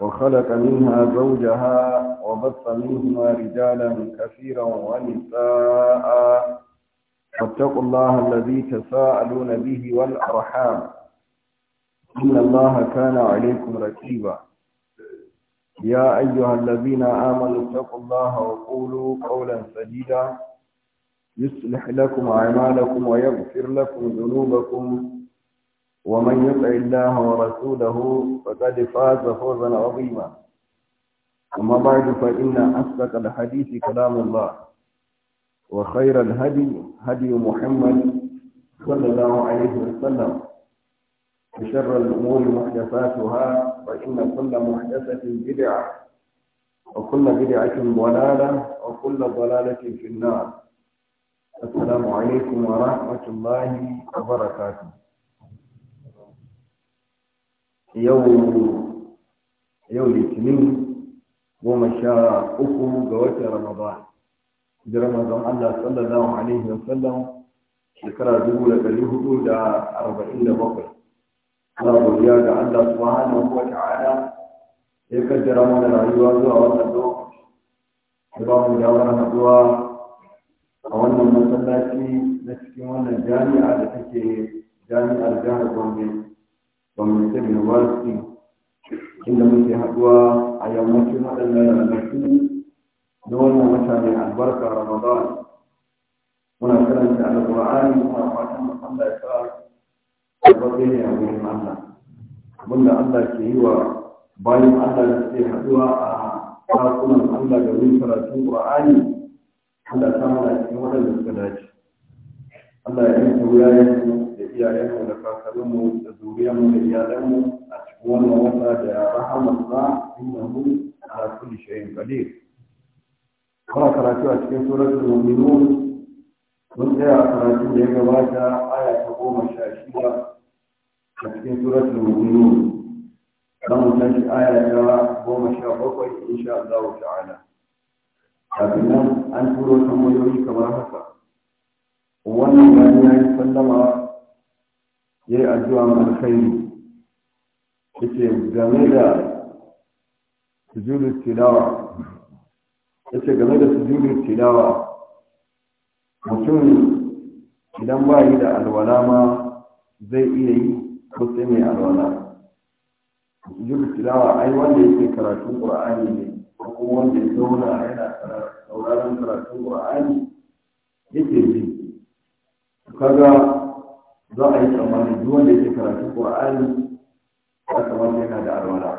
وخلق منها زوجها وبث منهما رجالا كثيرا ونساء واتقوا الله الذي تساءلون به والأرحام إن الله كان عليكم ركيبا يا أيها الذين آمنوا اتقوا الله وقولوا قولا سديدا يصلح لكم أعمالكم ويغفر لكم ذنوبكم ومن يطع الله ورسوله فقد فاز فوزا عظيما أما بعد فإن أصدق الحديث كلام الله وخير الهدي هدي محمد صلى الله عليه وسلم وشر الأمور محدثاتها فإن كل محدثة بدعة وكل بدعة ضلالة وكل ضلالة في النار السلام عليكم ورحمة الله وبركاته yau litinin goma sha uku ga watan ramadan da ramadan allah sallallahu alaihi wasallam shekara dubu da ɗari hudu da arba'in da bakwai ana godiya ga allah subhanahu wa ta'ala ya kaddara mana rayuwa zuwa wannan lokaci ya ba mu damar haɗuwa a wannan masallaci na cikin wannan jami'a da take jami'ar jihar gombe domin sai university inda muke haɗuwa a yammacin waɗannan ranaku na wannan mutane albarka ramadan muna karanta alƙur'ani muna fatan Allah ya sa tabbabe ne a wurin Allah abinda Allah ke yi wa bayan Allah da suke haɗuwa a ɗakunan Allah da wurin karatun ƙur'ani Allah ta mana cikin waɗanda suka dace Allah ya yi wurayenmu da iyayenmu da kakanninmu da zuriyarmu da iyalanmu a cikin wannan wata da rahamarsa innahu ala kulli shay'in qadir kana karatu a cikin suratul mu'minun mun tsaya a karatu da ya gabata aya ta goma sha shida a cikin suratul mu'minun dan mu tashi aya ta goma sha bakwai insha Allah ta'ala kafin nan an turo tambayoyi kamar haka wannan bayan ya yi sallama ya yi addu'a alkhairi yake game da sujudu tilawa yake game da sujudu tilawa mutum idan ba yi da alwala ma zai iya yi ko sai mai alwala sujudu tilawa ai wanda yake karatun qur'ani ne ko kuma wanda ya zauna yana sauraron karatun qur'ani yake ji kaga za a yi tsammani duk wanda yake karatu qur'ani ya kamata yana da alwala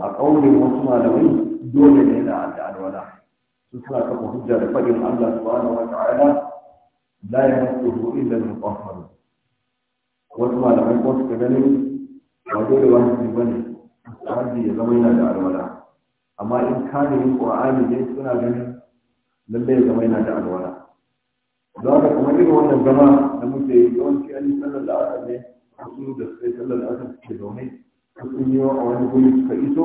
a ƙaunin wasu malamai dole ne yana da alwala su suna kafa hujja da faɗin Allah subhanahu wa ta'ala la yamassuhu illa al-mutahharun wasu malamai ko suka gani ba dole wajibi bane hajji ya zama yana da alwala amma in kana yin qur'ani ne suna ganin lallai ya zama yana da alwala za ka kuma irin wannan zama da muke yi yawanci an yi sallar la'asar ne wasu da suka sallar da la'asar suke zaune wasu yi a wani guri suka iso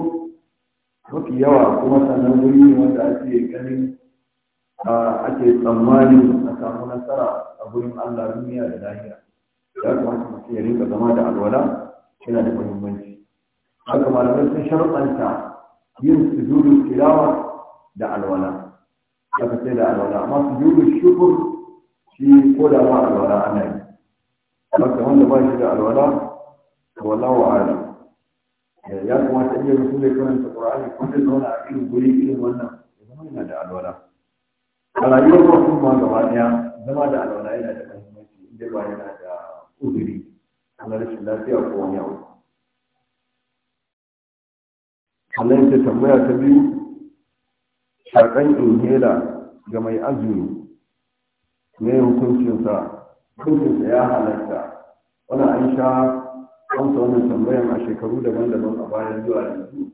mafi yawa kuma sannan guri ne wanda ake ganin ake tsammanin a samu nasara a gurin Allah duniya da lahira ya kamata mutum ya rinka zama da alwala yana da muhimmanci haka malamai sun sharɓanta yin sujudu tilawa da alwala haka sai da alwala amma sujudu shukur shi ko da ma alwala ana yi maka wanda ba shi da alwala wa ala. Eh, ya kamata iya rasu zai karanta qur'ani ko zai zauna a irin guri irin wannan ya zama yana da alwala a rayuwar mutum ma gaba ɗaya, zama da alwala yana da muhimmanci inda ba yana da uzuri da rashin lafiya ko wani abu Allah ya tambaya ta biyu shakan inhela ga mai azumi me hukuncinsa hukuncinsa ya halatta wani an sha amsa wannan tambayan a shekaru daban-daban a bayan zuwa yanzu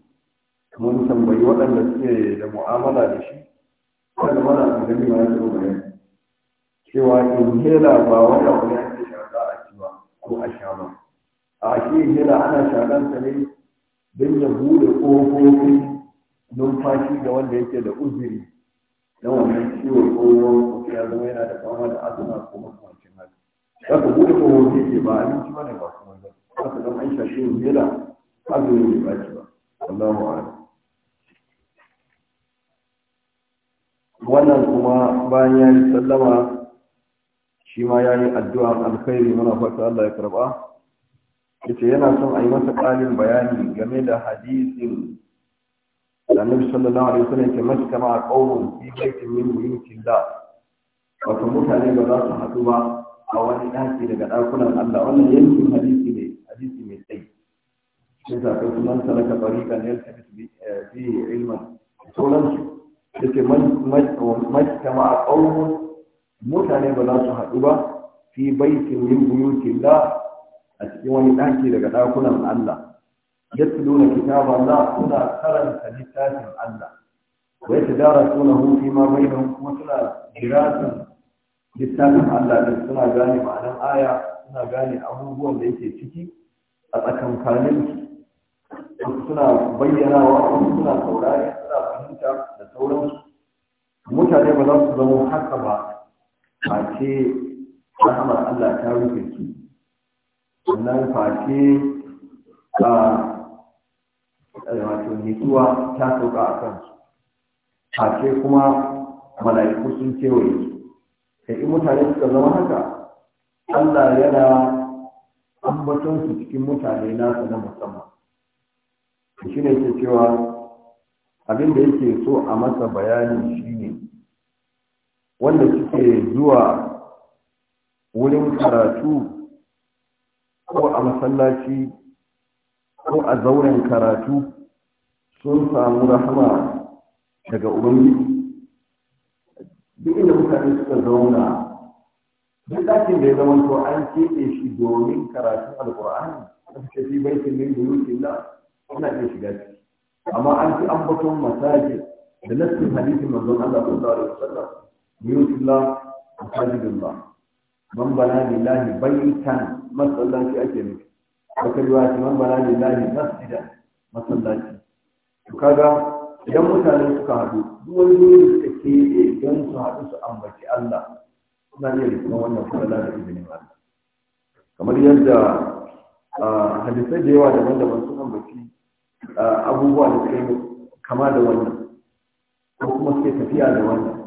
mun tambayi waɗanda suke da mu'amala da shi wanda mana a gani ma ya zama bayan cewa inhela ba wani abu ne ake shaɗa a ci ba ko a sha ba a shi inhela ana shaɗansa ne don ya buɗe ƙofofi numfashi ga wanda yake da uzuri don wannan ciwo ko ko ya zama yana da fama da asma ko makamancin haka za ka buɗe wani ke ba abinci ba ne ba kuma ba za ka zama aisha shi ne da azumi ne ba ci ba Allahu a'lam wannan kuma bayan ya yi sallama shi ma ya yi addu'a alkhairi muna fata Allah ya karba yace yana son a yi masa ƙarin bayani game da hadisin annabi sallallahu alaihi wasallam ke maskama qaumun fi baitin min da. wato mutane ba za su haɗu ba a wani ɗaki daga ɗakunan Allah wannan yankin hadisi ne hadisi mai tsayi sai ta kai sunan salaka barikan yaltabitu fi eh, ilman sauransu yake majtama a ƙaunin mutane ba za su haɗu ba fi baitin min buyutin da a cikin wani ɗaki daga ɗakunan Allah yatluna kitab Allah suna karanta littafin Allah wa yatadarasunahu fi ma bainahum kuma suna dirasan littafin Allah din suna gane ma'anar aya suna gane abubuwan da yake ciki a tsakankanin suna bayyanawa suna saurari suna fahimta da sauransu mutane ba za su zama haka ba a ce Allah ta rufe su face a wato nutsuwa ta sauka a kansu a ce kuma mala'iku sun kewaye su da in mutane suka zama haka Allah yana ambaton su cikin mutane nasa na musamman shi ne ke cewa abin da yake so a masa bayani shine wanda suke zuwa wurin karatu ko a masallaci ko a zauren karatu sun samu rahama daga ubangiji duk inda mutane suka zauna duk ɗakin da ya zama to an keɓe shi domin karatun alƙur'ani da suka fi baitin min buyutin la ana iya shiga ciki amma an fi ambaton masajid da nassin hadisin manzon Allah sallallahu alaihi wasallam buyutin la masajidun ba man bana lillahi baitan masallaci ake nufi wata riwaya ta man bana lillahi masjida masallaci to kaga idan mutane suka haɗu duk wani da ke da don su haɗu su ambaci Allah suna iya rikon wannan falala da ibini Allah kamar yadda hadisai da yawa daban-daban sun ambaci abubuwa da suka yi kama da wannan ko kuma suke tafiya da wannan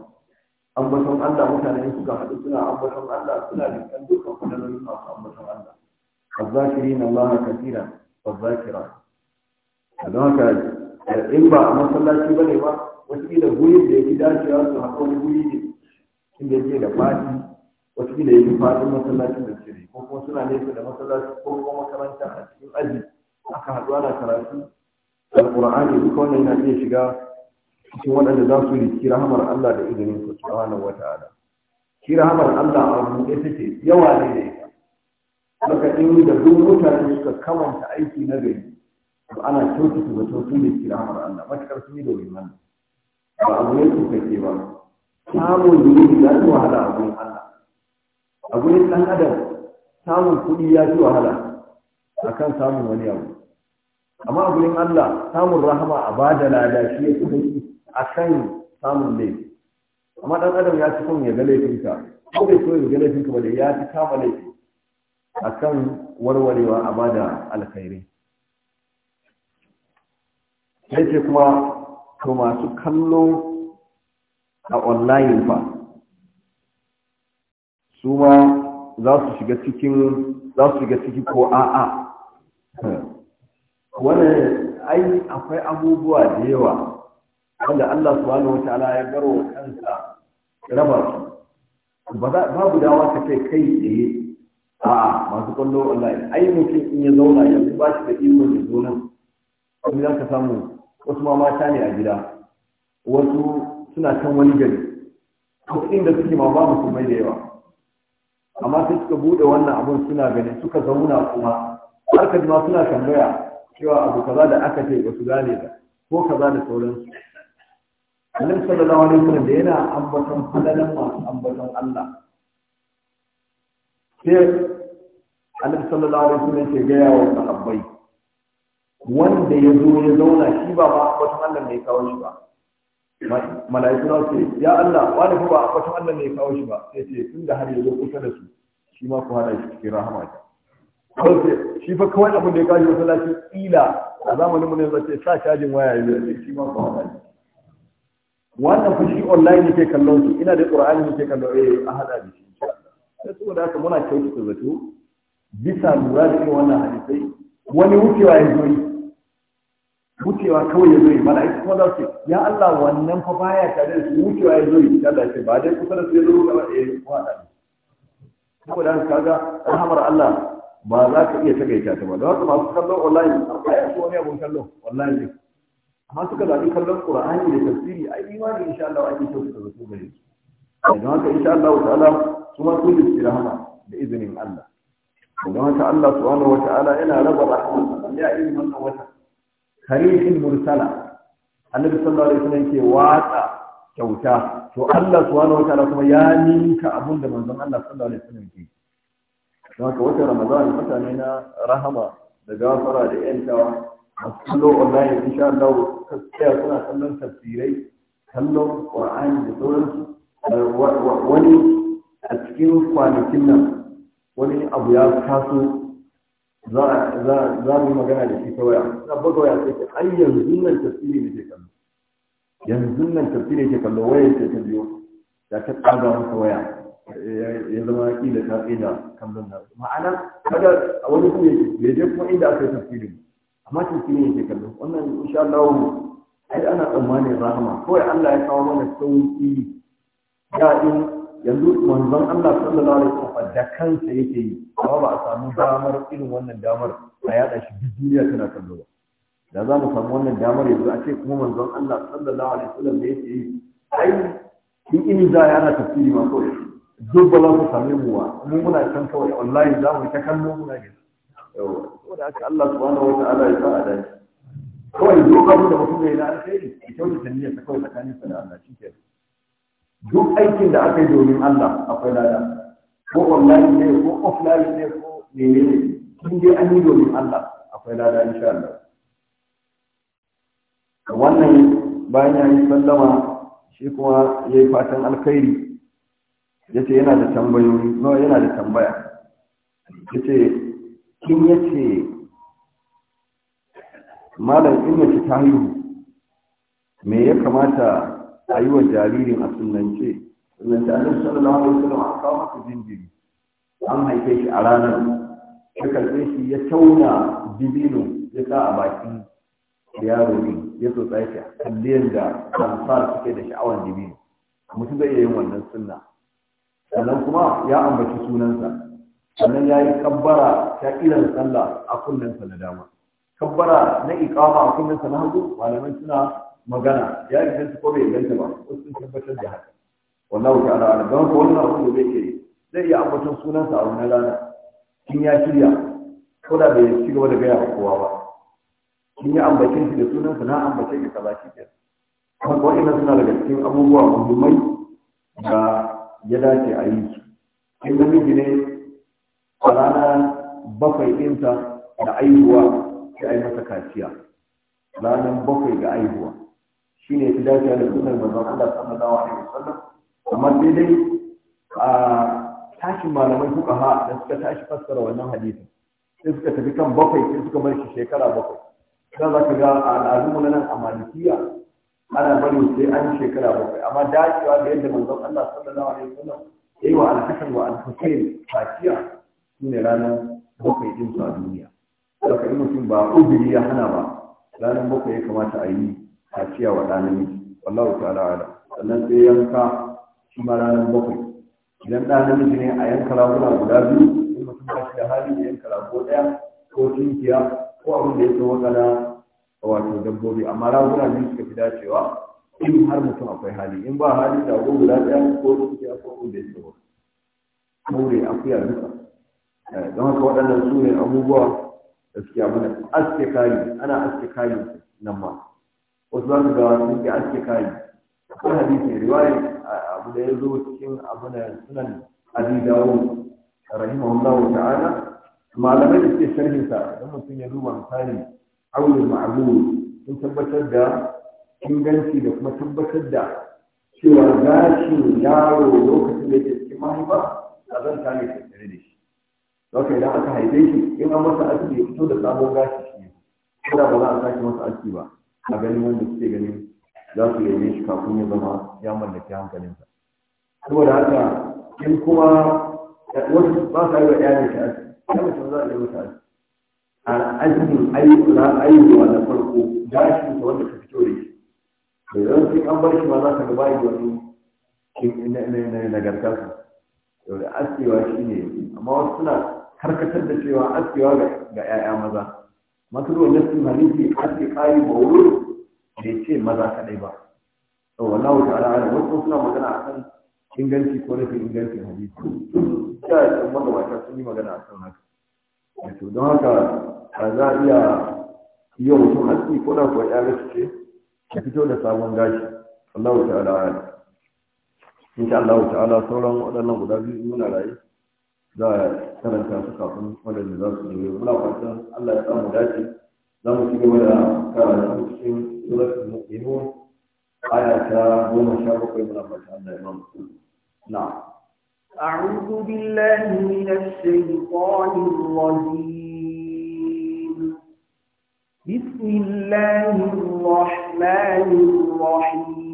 ambaton Allah mutane suka haɗu suna ambaton Allah suna rikon dukkan falalolin masu ambaton Allah والذاكرين الله كثيرا والذاكرات don haka in ba a masallaci ba ne ba watakila gurin da ya fi dacewa su haƙa wani guri ne inda yake da fadi watakila ya fi fadin masallacin da cire ko kuma suna nesa da masallaci ko kuma makaranta a cikin aji aka haɗu ana karatu alƙur'ani duka wannan yana iya shiga cikin waɗanda za su riski rahamar Allah da izinin ku wata wata'ala shi rahamar Allah a buɗe take yawa ne da maka ɗin da duk mutane suka kamanta aiki na gari to ana su zato ne kira mara Allah matakar sun yi da wannan ba abu ne su kake ba samun ne ya fi wahala a gurin Allah a gurin ɗan adam samun kuɗi ya fi wahala a kan samun wani abu amma a gurin Allah samun rahama a ba da lada shi ya fi a kan samun laifi amma ɗan adam ya fi kuma ya ga laifinka ko bai so ya ga laifinka ba da ya fi kama laifi akan warwarewa a bada alkhairi ce kuma to masu kallo a online fa su ma za su shiga cikin za su shiga ciki ko a'a wannan ai akwai abubuwa da yawa wanda Allah subhanahu wataala ya garo kansa raba su babu dawa ka kai kai tsaye a masu kwallo ya ai mutum in ya zauna yanzu ba shi da iko ya zo nan kuma za ka samu wasu ma mata ne a gida wasu suna kan wani gari wasu inda suke ma ba mai da yawa amma sai suka bude wannan abun suna gani suka zauna kuma har ka ma suna tambaya cewa abu kaza da aka ce ba gane ba ko kaza da sauransu annabi sallallahu alaihi wasallam da yana ambaton halalan masu ambaton Allah sai annabi sallallahu alaihi wasallam ke gaya wa sahabbai wanda ya zo ya zauna shi ba ma wata Allah ne ya kawo shi ba mala'iku na ce ya Allah wani ba wata Allah ne ya kawo shi ba sai ce tunda har ya zo kusa da su shi ma ku hada shi cikin rahama ta kawai shi fa kawai abin da ya kawo shi masallaci ila a zamanin mu ne zace sa cajin waya ya shi ma ku hada shi wannan fa shi online yake kallon su ina da qur'ani ke kallon eh a hada da shi da haka muna kyautata zato bisa lura da irin wannan hadisai wani wucewa ya zo yi wucewa kawai ya zo yi aiki kuma za su ya Allah wannan fa baya tare da su wucewa ya zo yi da ce ba dai kusa da su ya zo da eh kuma da saboda haka kaga alhamar Allah ba za ka iya tagaita ta ba don haka masu kallon online ya so wani abun kallon online ne amma suka zaɓi kallon Qur'ani da tafsiri ai imani insha Allah ake kyautata zato gare su don haka insha Allah ta'ala su ma sun riski rahama da izinin Allah don haka Allah subhanahu wa ta'ala yana raba rahama ya irin wannan wata karihin mursala annabi sallallahu alaihi wasallam ke watsa kyauta to Allah subhanahu wa ta'ala kuma ya ninka abun da manzon Allah sallallahu alaihi wasallam ke don haka wata ramadan mutane na rahama da gafara da yantawa masu kallo online insha Allah tsaya suna kallon tafsirai kallon qur'ani da sauransu wani a cikin kwanakin nan wani abu ya taso za mu magana da shi ta waya na buga waya sai ta ai yanzu nan tafsiri ne ke kallo yanzu nan tafsiri ke kallo waya ce ta biyo da ta tsaga masa waya ya zama kila ta tsina kallon nan ma'ana kada wani kuma ya je kuma inda aka yi tafsirin amma tafsiri ne ke kallo wannan insha Allah ai ana tsammanin rahama kawai Allah ya kawo mana sauki da in yanzu manzon Allah sallallahu alaihi wasallam da kansa yake yi amma ba a samu damar irin wannan damar a yada shi duk duniya tana kallo ba da za mu samu wannan damar yanzu a ce kuma manzon Allah sallallahu alaihi wasallam da yake yi ai in ini za yana na tafsiri ma kawai duk ba za su same mu ba mu muna can kawai wallahi za mu ta kallo muna gani yawa da aka Allah subhanahu wataala ya sa da dace kawai duk abin da mutum ya yi na alheri ya kyautata niyyar ta kawai tsakaninsa da Allah shi kenan duk aikin da aka yi domin Allah akwai lada ko online ne ko offline ne ko mene ne Kin dai an yi domin Allah akwai lada insha Allah wannan bayan ya yi sallama shi kuma ya yi fatan alkhairi ya ce yana da tambayoyi no yana da tambaya ya ce kin ya ce malam in ya ci ta me ya kamata a yi wa jaririn a sunance sunance a nan sallallahu alaihi wasallam a kawo masa jinjiri an haife shi a ranar ya karɓe shi ya tauna dibino ya sa a bakin yaro ne ya tsotsa shi kalli yadda ansar suke da sha'awar dibino mutum zai iya yin wannan sunna sannan kuma ya ambaci sunansa sannan ya yi kabbara ta irin sallah a kunnensa na dama kabbara na iƙama a kunnensa na hagu malaman suna magana ya yi inganta ko bai ganta ba ko sun tabbatar da haka wallahu ana ala don ko wannan abu da ke zai iya ambaton sunansa a wannan rana kin ya shirya ko da bai ci gaba da gaya kowa ba kin ya ambace shi da sunansa na ambace shi kaza shi ke kuma ko ina suna daga cikin abubuwa muhimmai da ya dace a yi su in namiji ne a rana bakwai ɗinsa da aihuwa sai a yi masa kaciya ranar bakwai ga aihuwa shi ne fi dace da sunan manzon Allah sallallahu alaihi wasallam amma sai dai a tashin malamai suka ha da suka tashi fassara wannan hadisin sai suka tafi kan bakwai sai suka bar shi shekara bakwai sai za ka ga al'adun al'adunmu nan a malikiya ana bari sai an shekara bakwai amma dacewa da yadda manzon Allah sallallahu alaihi wasallam yayi wa al-Hasan wa al-Husayn fatiya shine ranar bakwai din su a duniya. Daga in mutum ba ubiri ya hana ba ranar bakwai ya kamata a yi kaciya wa ɗanin namiji wallahu ta'ala ala sannan sai yanka shi ma ranar bakwai idan ɗan namiji ne a yanka raguna guda biyu in mutum ba shi da hali ya yanka rago ɗaya ko tunkiya ko abin da ya tsawo kana wato dabbobi amma raguna biyu suka fi dacewa in har mutum akwai hali in ba hali da rago guda ɗaya ko tunkiya ko abin da ya tsawo aure akuya duka eh, don haka waɗannan su ne abubuwa gaskiya mana aske kari ana aske kari nan ma wasu za ga wasu ke aske kayi akwai hadisi riwaya abu da ya zo cikin abu da sunan abi dawo rahimahullahu ta'ala malamai da suke sharhin sa don mutum ya duba misali aure ma'bud sun tabbatar da inganci da kuma tabbatar da cewa gashin yaro lokacin da yake cikin mahaifa a zanta ne tattare da shi Zaka idan aka haife shi in an masa aski ya fito da sabon gashi shi ko da ba za a sake masa aski ba a ganin wanda suke ganin za su yaye shi kafin ya zama ya mallaki hankalinsa saboda haka in kuma wasu ba sa yi wa ƴaƴan shi aski ya mutum za a yi masa aski a askin ayyuka na farko gashin wanda ka fito da shi da yawan sai an bar shi ma za ka ga bayi wani nagarta su askewa shi ne amma wasu suna karkatar da cewa askewa ga 'ya'ya maza masu nassin a ce kayi wuri da ce maza kadai ba to wallahu wuce ala wasu suna magana a kan inganci ko nufin ingancin hadisi ta wanda wata sun yi magana a kan haka wato don haka a za a iya yi mutum haski ko da kuwa ya rasu ce ya fito da sabon gashi wallahu wuce ala insha Allah ta'ala sauran waɗannan guda biyu muna rayu za a karanta su kafin waɗanda za su yi muna fatan Allah ya samu dace za mu ci gaba da karatu cikin suratul mu'minun aya ta goma sha bakwai muna fatan Allah ya mamu na أعوذ بالله من الشيطان الرجيم بسم الله الرحمن الرحيم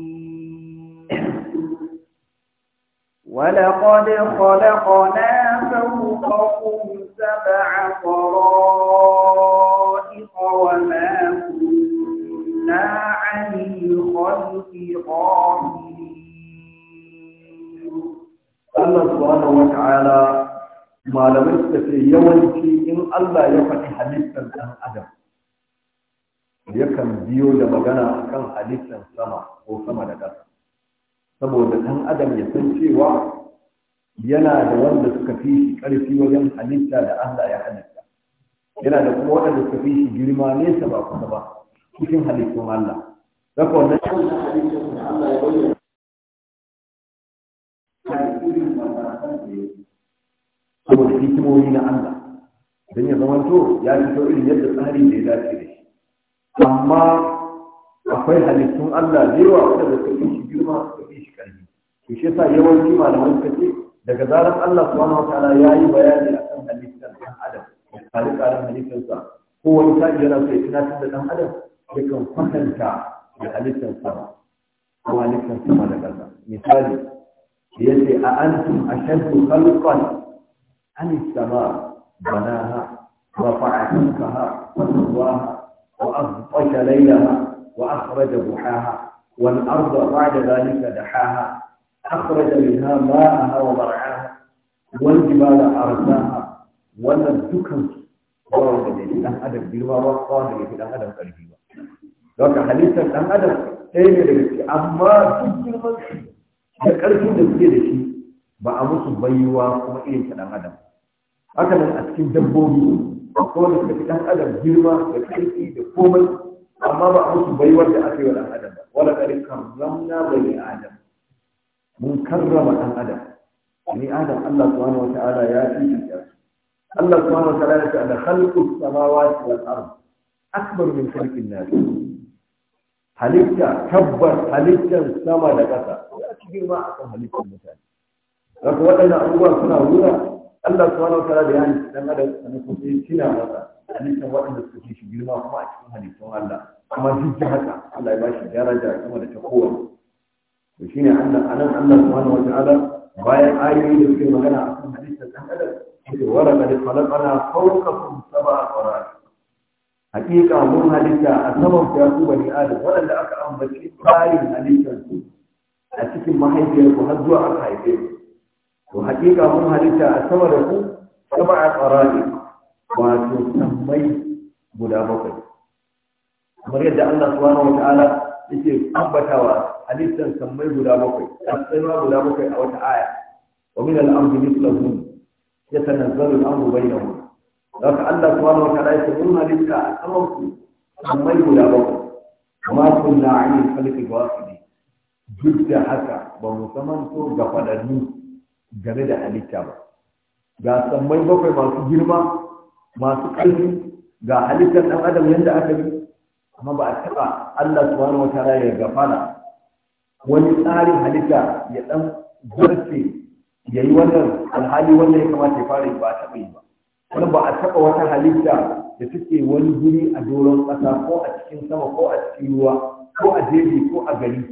ولقد خلقنا فوقكم سبع طرائق وما كنا عن الخلق غافلين الله سبحانه وتعالى malamai suka ce yawanci in Allah ya faɗi halittar ɗan adam yakan biyo da magana akan halittar sama ko sama da ƙasa saboda ɗan adam ya san cewa yana da wanda suka fi shi ƙarfi wajen halitta da Allah ya halitta yana da kuma waɗanda suka fi shi girma nesa ba kusa ba cikin halittun Allah zaka wannan halittun Allah ya bayyana saboda hikimomi na Allah don ya zamanto ya fito irin yadda tsarin da ya dace da shi amma akwai halittun Allah da yawa waɗanda suka fi shi girma suka fi shi ƙarfi to shi yasa yawanci malaman suka ce daga zarar Allah subhanahu wa ya yi bayani akan halittar ɗan adam da tsare-tsaren halittarsa ko wani sa'i yana so ya tunatar da ɗan adam ya kan kwatanta da halittar sama ko halittar ma da ƙasa misali ya ce a antum ashaddu khalqan an sama banaha wa fa'atukaha wa sawaha wa أغطش ليلها وأخرج ضحاها والأرض بعد ذلك دحاها أخرج منها ماءها ومرعاها والجبال أرساها wannan dukan bawa da dalilin ɗan adam girma ba kowa da yake ɗan adam ƙarfi ba don ka halittar ɗan adam ɗaya ne daga ciki amma duk girman su da ƙarfin da suke da shi ba a musu bayuwa kuma irin ta ɗan haka nan a cikin dabbobi akwai fi ɗan adam girma da kai da komai amma ba a musu baiwar da aka yi wa ɗan adam ba wala kare karramna bani adam mun karrama ɗan adam ni adam Allah subhanahu wa ta'ala ya fifita su Allah subhanahu wa ya ce da khalqus samawati wal ard akbar min khalqin nas halitta tabbar halittar sama da ƙasa ya ci girma a kan halittar mutane zaka waɗannan abubuwa suna wura Allah subhanahu wa ta'ala da ya halitta dan adam sannan kuma shi tina masa halittar waɗanda suka fi shi girma kuma a cikin halittun Allah kuma duk da haka Allah ya ba shi daraja kuma da ta kowane to shine Allah anan Allah subhanahu wataala bayan ayoyi da suke magana a kan halittar ɗan adam yake wara da khalaqana fawqakum sab'a qara'at Haƙiƙa mun halitta a saman ya ku bani adam waɗanda aka ambaci tsarin halittar su a cikin mahaifiyar ku har zuwa aka haife to haƙiƙa mun halitta a sama da ku sab'a qara'at wato sammai guda bakwai kamar yadda Allah subhanahu wata'ala yake ambatawa halittar sammai guda bakwai tsatsaiwa guda bakwai a wata aya wa min al-amri mithluhu yatanazzalu al-amru bainahum haka Allah subhanahu wata'ala yake mun halitta a saman ku guda bakwai kuma kunna anil khalqi ghafili duk da haka ba mu samanto ga fadanni game da halitta ba ga sammai bakwai masu girma masu ƙarfi ga halittar ɗan adam yadda aka bi, amma ba a taɓa Allah subhanahu wa ta'ala ya gafana wani tsarin halitta ya ɗan zarce ya yi wannan alhali wanda ya kamata ya fara yi ba a taɓa yi ba wani ba a taɓa wata halitta da take wani guri a doron ƙasa ko a cikin sama ko a cikin ruwa ko a jeji ko a gari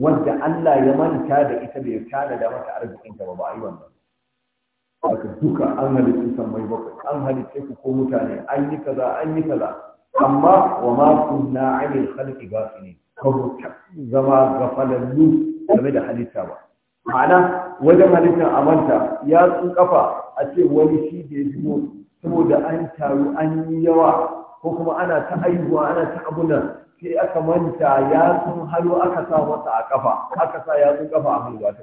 wadda Allah ya manta da ita ya tana da mata arzikin ta ba ba a yi wannan haka duka an halitta sammai bakwai an halitta ku ko mutane an yi kaza an yi kaza amma wa ma kunna anil khalqi ghafilin ka mutta zama gafalallu game da halitta ba ma'ana wajen halittar amanta ya tsun kafa a ce wani shi da ya saboda an taru an yi yawa ko kuma ana ta aihuwa ana ta abunan sai aka manta ya tsun halo aka sa masa a kafa aka sa ya tsun kafa a hannu ba ta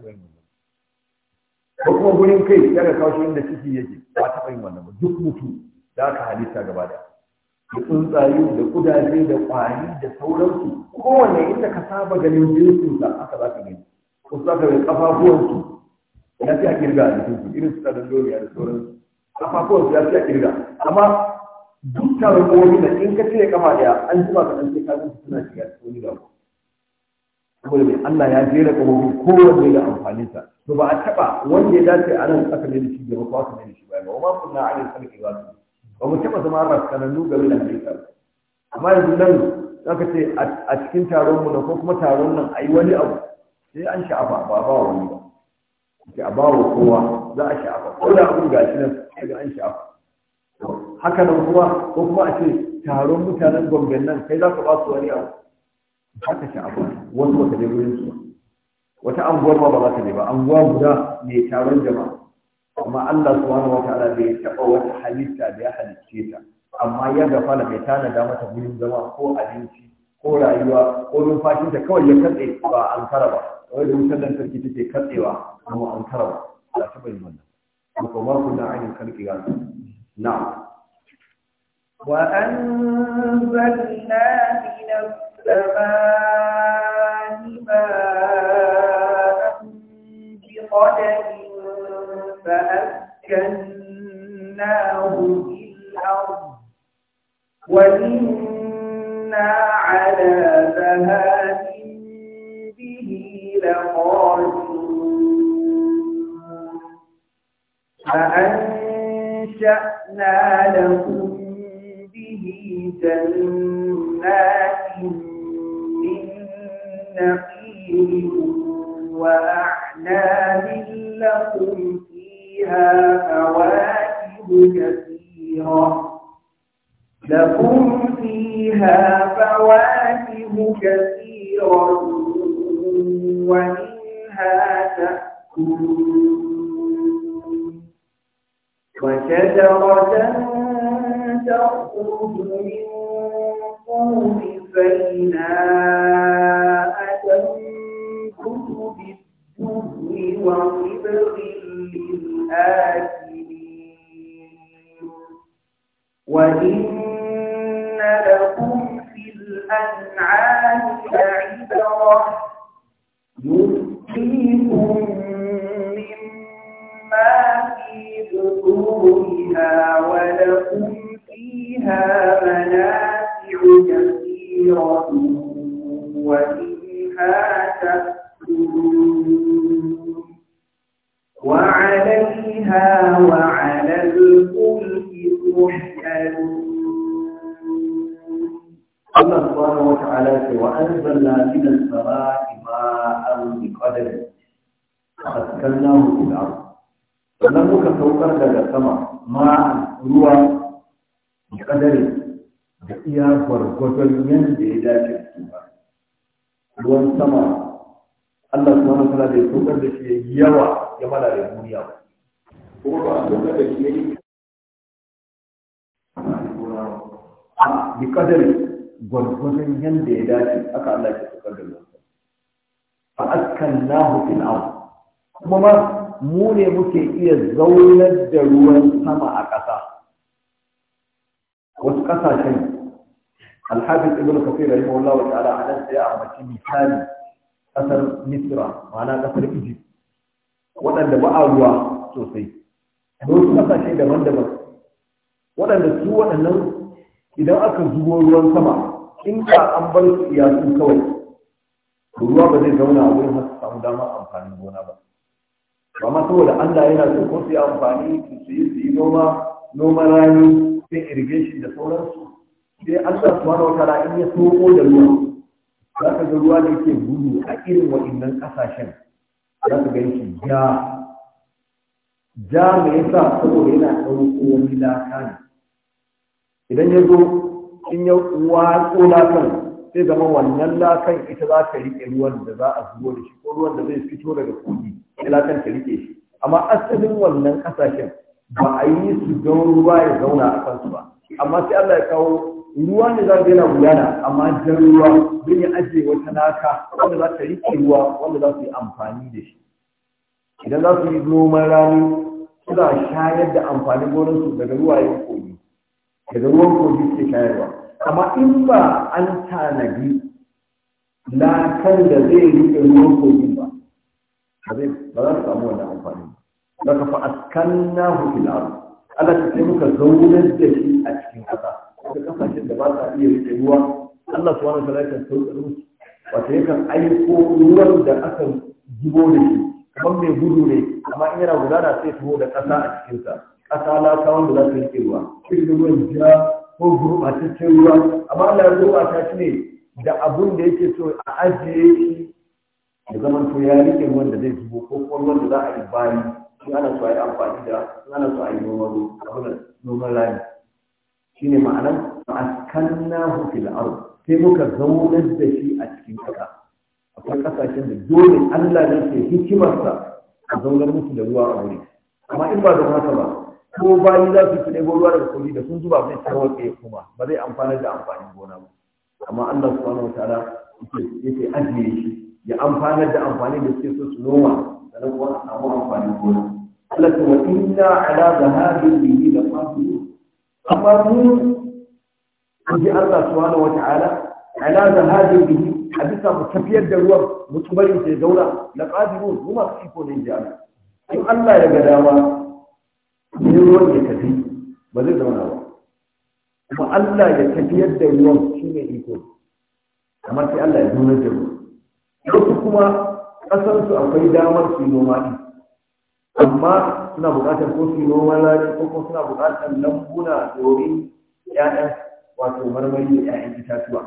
ko kuma gurin kai ya ga kawo inda ciki yake ba ta bayin wannan ba duk mutu da aka halitta gaba da da tsuntsaye da kudaje da kwari da sauransu kowanne inda ka saba ganin jinsin aka za ka gani ko za ka ga kafafuwansu ya fi a kirga a jikinsu irin su tsadan doriya da sauransu kafafuwansu ya fi a kirga amma duk tarin kowani da in ka cire kafa daya an jima ka ɗan sai ka suna shiga cikin wani gaba saboda mai Allah ya jera kamofi kowanne da amfanin sa. to ba a taba wanda ya dace a nan aka ne da shi gaba ko aka da shi baya ba wa kun na alin sarki ba su ba mu taba zama raskanannu game da halitta amma yanzu nan za ka ce a cikin taron mu na ko kuma taron nan ayi wani abu sai an sha'afa ba ba wani ba ke a bawa kowa za a sha'afa ko da abun gashi nan daga an sha'afa haka nan kuma ko kuma a ce taron mutanen gombe nan kai za ka ba su wani abu haka ka abu wasu wata ne wurin su wata anguwar ma ba za ta je ba anguwa guda mai taron jama'a amma Allah subhanahu wataala bai taɓa wata halitta da ya halicce ta amma ya da bai tanada mata gurin zama ko abinci ko rayuwa ko numfashin ta kawai ya katse ba an kara ba kawai da wutar lantarki take katsewa amma an kara ba Allah ta bai wannan ko ma da ainin kalki ga na'am anzalna من السماء ماء بقدر فأسكناه في وإنا على ذهاب به لقادرون فأنشأنا لكم به جنات نخيل وأعناب لكم فيها فواكه كثيرة لكم فيها فواكه كثيرة ومنها تأكلون وشجرة تخرج من طول فإن آتمكم بالدهر وصبغ للآكلين وإن لكم في الأنعام لعبرة يسقيكم gwargwadon yadda ya dace su ba ruwan sama Allah subhanahu wa ta'ala bai tokar da shi yawa ya mala da duniya ba kuma ba a tokar da shi yi a kadar gwargwadon yadda ya dace aka Allah ke tokar da ruwan sama askan askannahu fil ard kuma ma mu ne muke iya zaunar da ruwan sama a ƙasa wasu ƙasashen alhafiz ibn kafir rahimahullah ta'ala a nan sai ya ambaci misali kasar misra ma'ana kasar egypt waɗanda ba a ruwa sosai wasu kasashe daban-daban waɗanda su waɗannan idan aka zubo ruwan sama in ka an bar su iyasu kawai ruwa ba zai zauna a wurin har su samu damar amfanin gona ba amma saboda Allah yana so ko su yi amfani su yi su yi noma noman rani sai irrigation da sauransu sai Allah subhanahu wa in ya soko da ruwa za ka ga ruwa da yake gudu a irin waɗannan ƙasashen za ka gan shi ja ja me yasa saboda yana ɗauko wani laka ne idan ya zo in ya watso lakan sai zama wannan lakan ita za ta riƙe ruwan da za a zubo da shi ko ruwan da zai fito daga kogi sai lakan ta riƙe shi amma asalin wannan ƙasashen ba a yi su don ruwa ya zauna a kansu ba amma sai Allah ya kawo ruwa ne za yana wuyana, amma jan ruwa don ya ajiye wata naka wanda za ta rike ruwa wanda za su yi amfani da shi idan za su yi noman rani suna shayar da amfanin gonarsu daga ruwayen kogi daga ruwan kogi suke shayarwa amma in ba an tanadi lakan da zai rike ruwan kogi ba ba za su samu wannan amfani ba ka fa askanna hu fil ta muka zaunar da shi a cikin ƙasa akwai kasashen da ba sa iya rike ruwa Allah subhanahu wa ta'ala kan sauka musu wato yakan aiko ruwan da aka zubo da shi kamar mai gudu ne amma in yana gudana sai tuho da ƙasa a cikinsa ƙasa lakawan da za ta rike ruwa irin ruwan ja ko gurɓataccen ruwa amma Allah ya ta shi ne da abun da yake so a ajiye shi da zaman to ya rike ruwan da zai zubo ko kuma ruwan da za a yi bayi in ana so a yi amfani da in ana so a yi noman ruwa abin noman rani shine ma'anar askannahu fil ard sai muka zaunar da shi a cikin ƙasa akwai ƙasashen da dole Allah ne ke hikimarsa a zaunar musu da ruwa a wuri amma in ba zama haka ba ko bayi za su fi ɗebo ruwa daga kogi da sun zuba zai tarwatse kuma ba zai amfana da amfanin gona ba amma Allah subhanahu wataala yake ajiye shi ya amfana da amfani da suke so su noma sannan kuma a samu amfanin gona Allah ta wa inna ala zahabin bihi la qadirun amma mu ji Allah subhanahu ta'ala, ala zahabihi a bisa mu tafiyar da ruwan mutu bari sai zauna la qadirun mu ma iko ne ji Allah in Allah ya ga dama ne ruwan ya tafi ba zai zauna ba kuma Allah ya tafiyar da ruwan shi ne iko amma sai Allah ya nuna da ruwan wasu kuma ƙasarsu akwai damar su yi noma ɗin amma suna buƙatar ko su noma rani ko kuma suna buƙatar lambuna domin 'ya'yan wato marmari da 'ya'yan itatuwa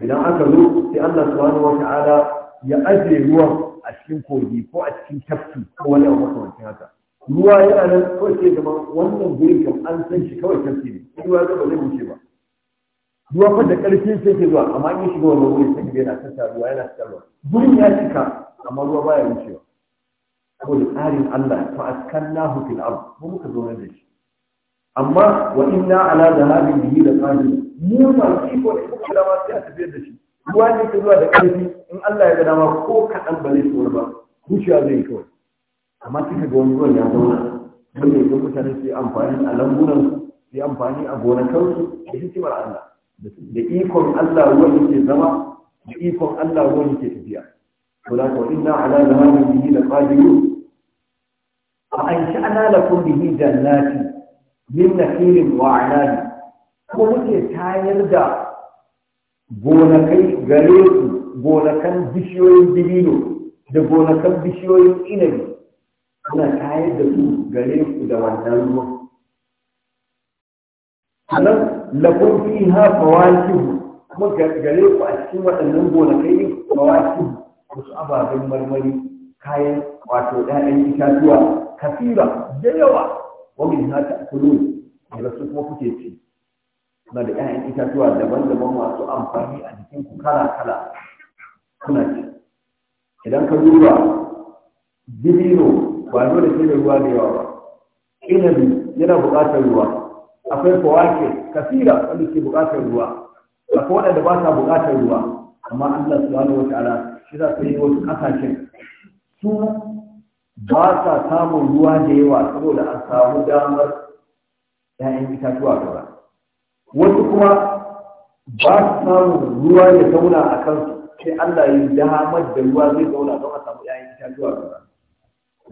idan aka zo sai Allah subhanahu ta'ala ya ajiye ruwa a cikin kogi ko a cikin tafki ko wani abu makamancin haka ruwa yana nan kawai sai zama wannan gurin kam an san shi kawai tafki ne ruwa ba zai wuce ba ruwa fa da ƙarfin sai ke zuwa amma in shiga wannan wurin sai yana ruwa yana tattaruwa gurin ya cika amma ruwa baya wucewa saboda tsarin Allah fa askallahu fil ard mu muka zo da shi amma wa inna ala dhahabi bihi la qadir mu ba shi ko da muka da sai a tafiyar da shi ruwa ne ke zuwa da ƙarfi, in Allah ya ga dama ko kaɗan ba zai tsoro ba zuciya zai kawai amma kika ga wani ruwan ya zauna wanda ya mutane su yi amfani a lambunan su yi amfani a gonakansu da hikimar Allah da ikon Allah ruwan ke zama da ikon Allah ruwan ke tafiya. Kula ko inna ala dhahabi bihi la qadir وأنشأنا لكم به جنات من wa'ana ne?" kuma muke tayar da gonakai gare su gonakan bishiyoyin dibino da gonakan bishiyoyin inabi kuna tayar da su gare su da wannan ruwa Anan, lakon fi ha fawakihu kuma gare ku a cikin waɗannan gonakai fawakihu su ababen marmari kayan wato ɗayan itatuwa kafira da yawa wani na ta kulu da su kuma kuke ci na da ƴaƴan itatuwa daban-daban masu amfani a jikin ku kala-kala kuna ci idan ka duba dibino ba dole sai da ruwa da yawa ba inabi yana buƙatar ruwa akwai kowake kafira wanda ke buƙatar ruwa akwai waɗanda ba sa buƙatar ruwa amma Allah subhanahu wa ta'ala shi za su yi wasu ƙasashen su ba sa samun ruwa da yawa saboda an samu damar ‘ya'yan itatuwa gaba wasu kuma ba su samun ruwa ya zauna a kansu sai Allah yi damar da ruwa zai zauna don a samu ‘ya'yan itatuwa gaba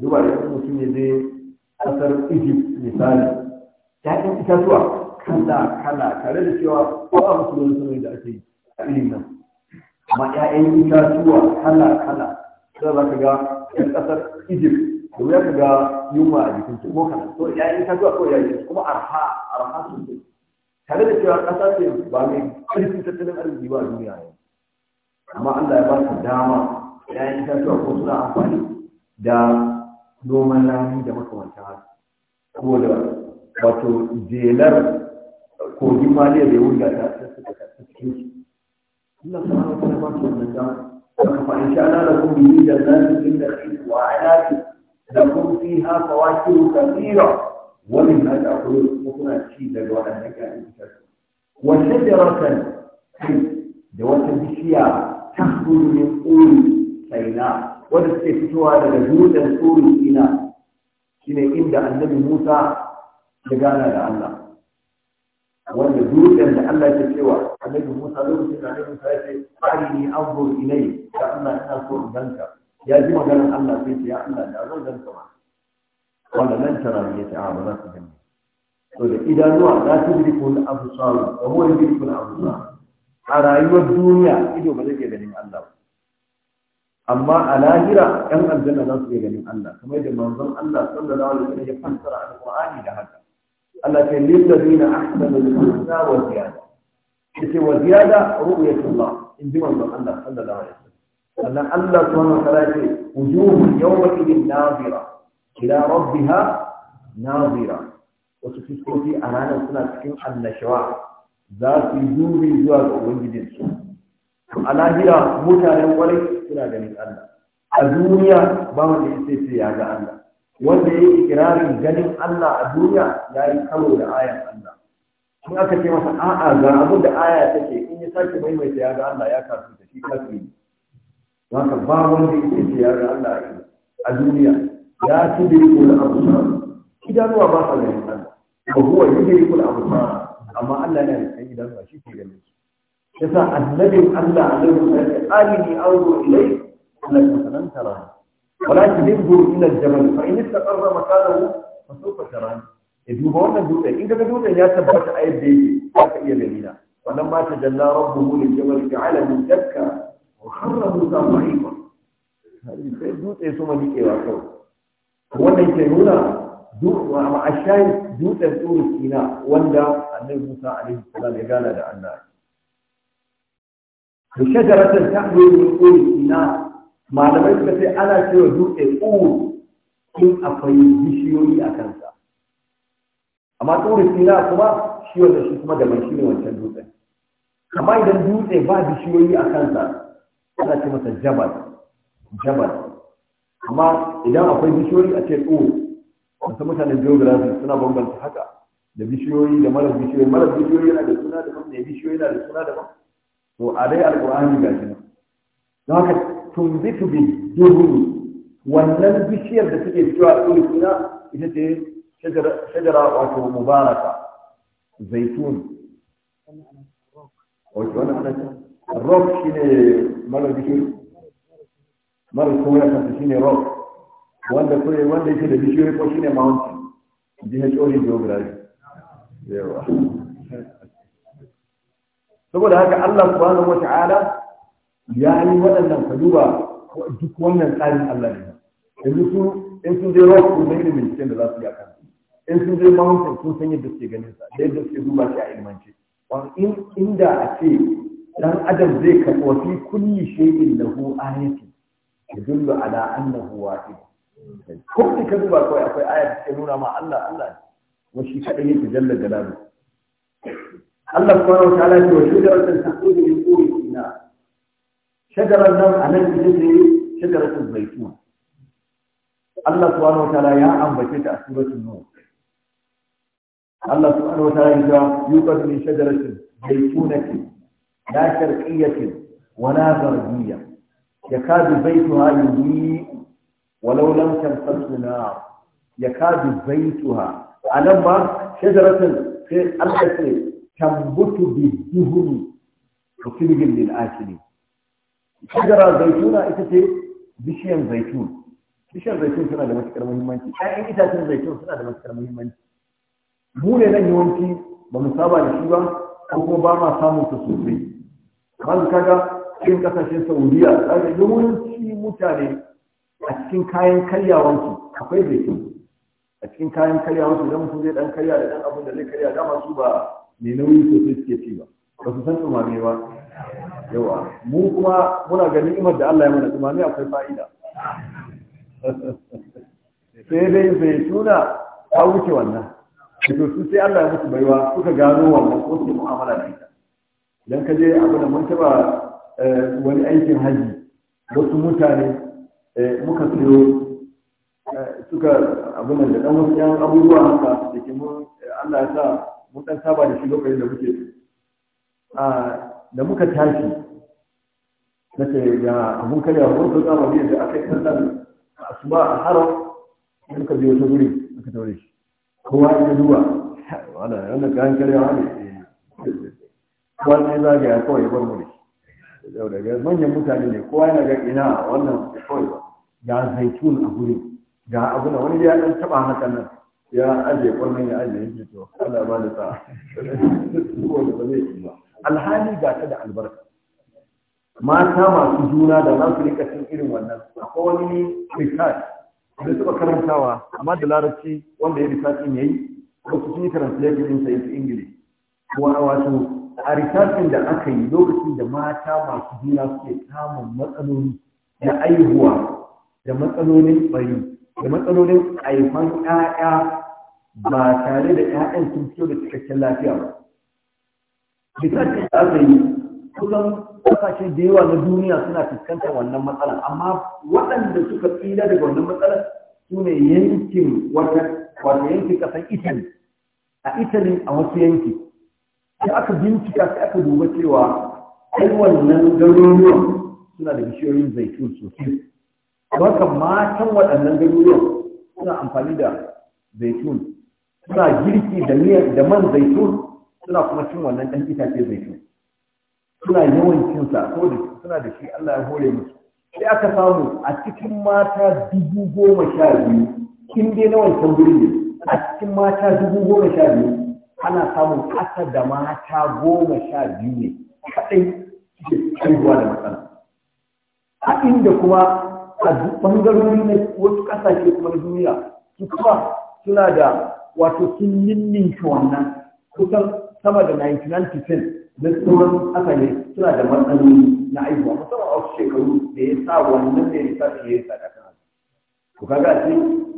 duba da yanzu mutum ya zai ƙasar Egypt misali ‘ya'yan itatuwa kala kala tare da cewa ko a sanayi da ake yi a nan. amma ‘ya'yan itatuwa kala kala sai za ka ga yan kasar egypt domin ya ga yunwa a jikin su ko kana to ya yi ta zuwa kawai ya yi kuma arha arha sun ce tare da cewa kasa ce ba mai karfin tattalin arziki ba a duniya ne amma Allah ya ba su dama ya yi ta zuwa ko suna amfani da noman rani da makamanta ko da wato jelar kogin maliyar da ya wurga ta cikin su Allah ta ba su wannan dama وانشانا لكم به جنات من نخيل واعناب لكم فيها فواكه كثيره ومنها تاكلون وكنا تشيد الوانا نكا وشجره دوات بشيا تخرج من طول سيناء ولا تفتوها لجودا طول سيناء shine inda annabi Musa ya gana da Allah wanda duk da Allah ke cewa annabi Musa lokacin da annabi Musa ya ce arini anzur ilay ya Allah ina so in ganka ya ji maganar Allah sai ce ya Allah da zan ganka ma wanda nan tara ne ta a ah, ba za su ganni to da idanuwa za su bi kun absar wa huwa bi abu absar a rayuwar duniya ido ba zai iya ganin Allah ba amma a lahira 'yan aljanna za su iya ganin Allah kamar da manzon Allah sallallahu alaihi wasallam ya fassara alqur'ani da haka Allah ce lillazina ahsanu al-husna wa ziyada yace wa ziyada ru'yatullah in ji manzon Allah sallallahu alaihi wasallam sannan Allah subhanahu wa ta'ala yace wujuhun yawma nazira ila rabbiha nazira wasu fiskoki a ranar suna cikin annashawa za su yi dubi zuwa ga ubangijinsu a lahira mutanen kwarai suna ganin Allah a duniya ba wanda ya ce ya ga Allah wanda ya yi ikirarin ganin Allah a duniya ya yi karo da ayan Allah in aka ce masa a'a ga abin da aya take in ya sake maimaita ya ga Allah ya kasu da shi kafiri don haka ba wanda ya ce ya ga Allah a duniya ya ci da riko da abu sa idanuwa ba sa ganin Allah ba huwa yi da yi kula abu sa amma Allah yana da kan idanuwa shi ke ganin su yasa annabin Allah a wasallam ya ne alini anzur ilai Allah ta sanan tara wala tilibbu ila al-jamal fa in istaqarra makanahu fa sawfa tarani ya duba wannan dutsen in kaga dutsen ya tabbata a yadda yake zaka iya gani na wannan ma tajalla rabbuhu lil jamal fi alamin dakka wa kharra musa dha'ifa sai dutse su mani kewa kawai wannan ke nuna ma'ashayin dutsen tsoro sina wanda annabi musa alaihi salam ya gana da allah to shajaratar ta sina malamai suka ce ana cewa dutse tsoro in akwai bishiyoyi a kansa amma tsoro sina kuma shi wanda shi kuma daban shi ne wancan dutse. kama idan dutse ba bishiyoyi a kansa ana ce masa jabal jabal amma idan akwai bishiyoyi a ce tsoro wasu mutanen geography suna bambanta haka da bishiyoyi da marar bishiyoyi marar bishiyoyi yana da suna daban mai bishiyoyi yana da suna daban to a dai alƙur'ani ga shi don haka tunbitu bi diruni wannan bishiyar da suke fitowa a suna ita ce shajara wato mubaraka zaitun wato wannan ana rock shine mara bishiyar mara kuma ya kasa shine rock wanda kure wanda yake da bishiyar ko shine mountain WHO ne geography yawa saboda haka Allah subhanahu wa ta'ala ya yi waɗannan ka duba duk wannan tsarin Allah ne yanzu su in sun je rock sun zai ilimin cikin da za su yi a kan in sun je mountain sun san yadda suke ganin sa da yadda suke duba shi a ilmance in inda a ce dan adam zai karɓo fi kulli shay'in lahu ayati yadullu ala annahu wahid ko ne ka duba kawai akwai ayat da ke nuna ma Allah Allah wa shi kadai yake jalla jalalu Allah subhanahu wa ta'ala ya ce wa shujaratin taqudu min qur shagarar nan a nan ita ce shagarar zaitun Allah subhanahu wa ta'ala ya ambace ta a suratul nur Allah subhanahu wa ta'ala ya yuqad min shajaratin zaitunati la sharqiyyatin wa la gharbiyya yakadu zaytuha yudhi walau lam tamsashu nar yakadu zaytuha alam ba shajaratin sai Allah ce tambutu bi duhuni wa kilgin lil akili shajara zaituna ita ce bishiyan zaitun bishiyar zaitun suna da matuƙar muhimmanci ƴaƴan itacen zaitun suna da matuƙar muhimmanci mu ne nan yawanci ba mu saba da shi ba ko kuma ba ma samun su sosai amma kaga cikin kasashen saudiya kaga yawanci mutane a cikin kayan karyawansu akwai zaitun a cikin kayan karyawansu idan mutum zai dan karya da dan abin da zai karya dama su ba mai nauyi sosai suke ci ba ba su san tsumame ba yawa mu kuma muna ganin imar da Allah ya mana kuma ne akwai fa'ida sai dai bai tuna ta wuce wannan to su sai Allah ya musu baiwa suka gano wannan ko su mu'amala da ita idan ka je abu da mun taba eh, wani aikin haji wasu mutane eh, muka siyo eh, suka abu nan da dan wasu yan abubuwa haka da ke mun Allah ya sa mun dan saba da shi lokacin da muke a ah, da muka tashi na ce ga abun karya wani sun zama biyar da aka yi sallar asuba a haram da muka je ta guri muka taure shi kowa ya zuwa wala yana kayan karyawa ne kowa sai zagaya kawai ya bar muri. Yau da daga manyan mutane ne kowa yana ga ina wannan kawai ba ga zaitun a guri ga abu na wani ya dan taba haka nan ya aje kwanan ya aje yake to Allah ba da sa ko da ba zai yi ba alhali ga ta da albarka mata masu juna da za su rika cin irin wannan akwai wani research da suka karantawa amma da larabci wanda ya research din yayi ko su yi translate din sai ta english wa wato a research da aka yi lokacin da mata masu juna suke samun matsaloli na aihuwa da matsalolin bari da matsalolin aifan 'ya'ya ba tare da 'ya'yan sun fito da cikakken lafiya ba bisashen da aka yi kusan kasashe da yawa na duniya suna fuskantar wannan matsalar amma waɗanda suka tsira daga wannan matsalar su ne yankin wata yankin ƙasar italy a italy a wasu yanki sai aka bincika sai aka duba cewa ai wannan garuruwan suna da bishiyoyin zaitun sosai don kan matan waɗannan garuruwan suna amfani da zaitun suna girki da man zaitun suna kuma cin wannan ɗan itace zai ci suna yawan cinsa da suna da shi Allah ya hore musu sai aka samu a cikin mata dubu goma sha biyu kin dai na wancan guri ne a cikin mata dubu goma sha biyu ana samun ƙasa da mata goma sha biyu ne kaɗai suke haihuwa da matsala a inda kuma a ɓangarori na wasu ƙasashe kuma na duniya su kuma suna da wato sun ninninka wannan kusan sama da 99% da tsoron haka ne suna da matsaloli na aihuwa musamman a wasu shekaru da ya sa wannan ne ya sa ya yi sadaka to kaga ce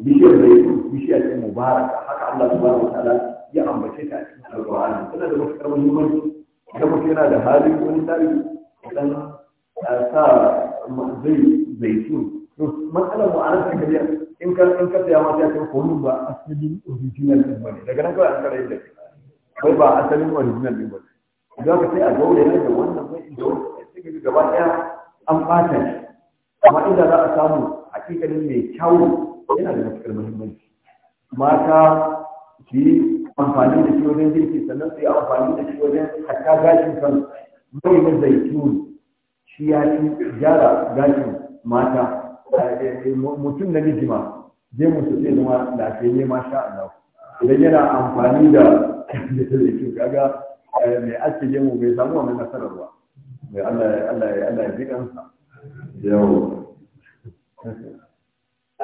bishiyar da ya bishiya ce mubaraka haka Allah subhanahu wataala ya ambace ta a cikin alƙur'ani tana da matuƙar muhimmanci idan mutum yana da halin wani tsari ya sa zai zaitu to matsalar mu'anar ta kabiya in ka in ka tsaya ma ta kai kolumba asalin original din bane daga nan kawai an kare da shi kai ba asalin original ne ba idan ka sai a gaure ne da wannan mai da ya sai gaba daya an bata shi amma idan za a samu hakikalin mai kyau yana da matukar muhimmanci mata su yi amfani da shi wajen girki sannan su yi amfani da shi wajen hatta gashin kan mai na zaitun shi ya ci gyara gashin mata eh, mutum na nijima zai mutu zai zama lafiyayye ma sha Allah idan yana amfani da da kaga eh, mai aske gemu bai samu wannan nasarar ba mai Allah Allah Allah ya ji kansa yau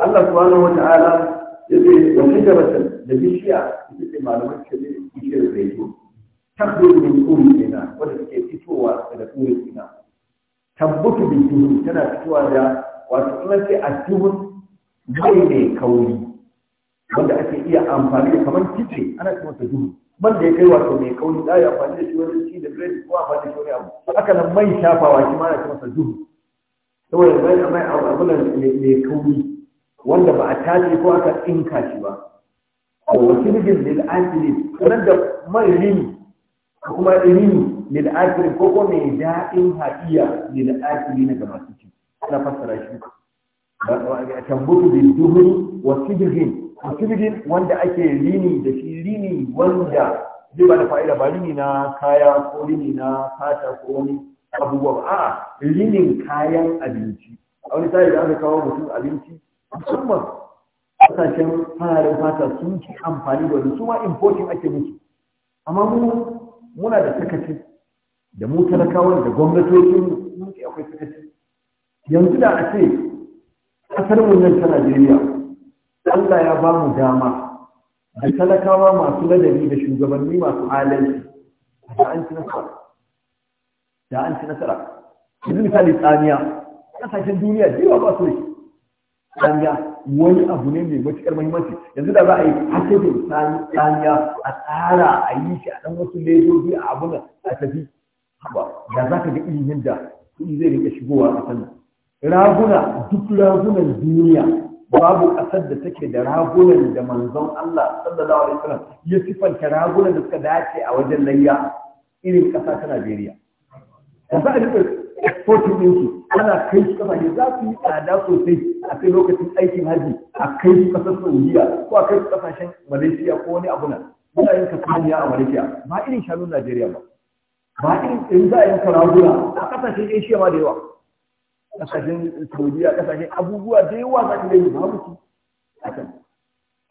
Allah subhanahu ya wa da bishiya yace malaman ce ne bishiyar zaitun tabbatu min wanda take fitowa daga qulina tabbatu bi tana fitowa da wato in ce a tuhun mai ne kauri wanda ake iya amfani da kamar kitse ana ce masa duhu da ya kai wato mai kauri da ya amfani da shi wajen ci da bread ko amfani da shi wani abu haka nan mai shafawa shi ma ana cewa ta duhu saboda mai mai abu nan mai kauri wanda ba a tace ko aka tsinka shi ba to da lil asili Wannan da mai rini ko kuma rini lil asili ko ko mai da'in hadiya lil asili na gaba masu ana fassara shi ba a tambutu bil duhuri wa sidrin mutumin wanda ake rini da shi rini wanda zai ba da fa'ida ba rini na kaya ko rini na fata ko wani abubuwa ba a rinin kayan abinci a wani tsari da aka kawo mutum abinci musamman kasashen fararen fata sun ci amfani da wani su ma importing ake musu amma mu muna da sakaci da mu talakawa da gwamnatocin mu akwai sakaci yanzu da a ce kasar mu nan ta Najeriya Allah ya ba mu dama da talakawa masu ladabi da shugabanni masu halalci da an ci nasara da an ci nasara yanzu misali tsamiya kasashen duniya jiwa ba su shi tsamiya wani abu ne mai matuƙar muhimmanci yanzu da za a yi hake da tsamiya a tsara a yi shi a ɗan wasu ledoji a abu a tafi da za ka ga ilimin da kuɗi zai rinka shigowa a sannan raguna duk ragunan duniya babu ƙasar da take da ragunan da manzon Allah sallallahu alaihi wasallam ya sifanta ragunan da suka dace a wajen layya irin ƙasa ta Najeriya da za a rika exporting din su ana kai su kafa ne za su yi tsada sosai a kai lokacin aikin haji a kai su ƙasar Saudiya ko a kai su ƙasashen Malaysia ko wani abu na muna yin kasaniya a Malaysia ba irin shanun Najeriya ba ba irin in za a yanka raguna a ƙasashen Asia ma da yawa kasashen saudiya kasashen abubuwa da yawa za ka yi babu su a can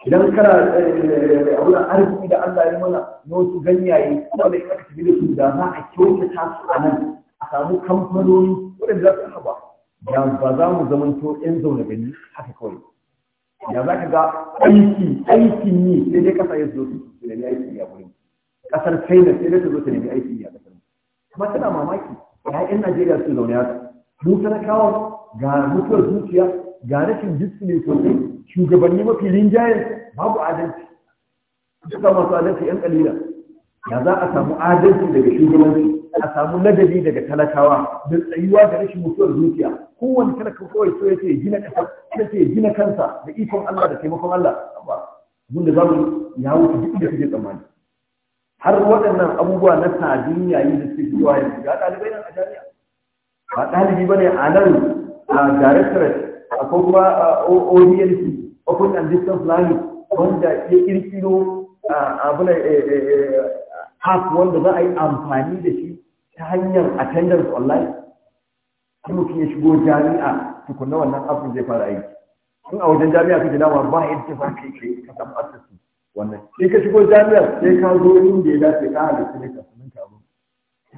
idan kana eh, abuwa arziki da Allah ya mana na wasu ganyaye kuma da ya tafi da su da za a kyautata su a nan a samu kamfanoni waɗanda za su haɓa da ba za mu zamanto 'yan zaune gani haka kawai ya za ka ga aiki aikin yi sai dai kasa ya zo su nemi aiki a wurin kasar china sai dai ta zo ta nemi aiki a kasar kuma tana mamaki ya'yan najeriya sun zaune haka mu talakawa ga mutuwar zuciya ga rashin ne sosai shugabanni mafi rinjaye babu adalci suka masu adalci yan kalila ya za a samu adalci daga shugabanci a samu ladabi daga talakawa da tsayuwa da rashin mutuwar zuciya kowane talaka kawai so ya ce gina ƙasa ya ce gina kansa da ikon Allah da taimakon Allah amma abinda za mu ya wuce duk da suke tsammani har waɗannan abubuwa na tadin yayi da suke zuwa yanzu ga ɗalibai nan a jami'a ba ɗalibi ba ne a nan a directorate a kuma ODLC open and distance learning wanda ya kirkiro abu na eh, eh, eh, app wanda za a yi amfani da shi ta hanyar attendance online in mutum ya shigo jami'a tukunna wannan abin zai fara aiki in a wajen jami'a kake dama ba a yadda ba ka yi ka samu asusu wannan sai ka shigo jami'a sai ka zo inda ya dace ka halitta ne ka sanin ka abu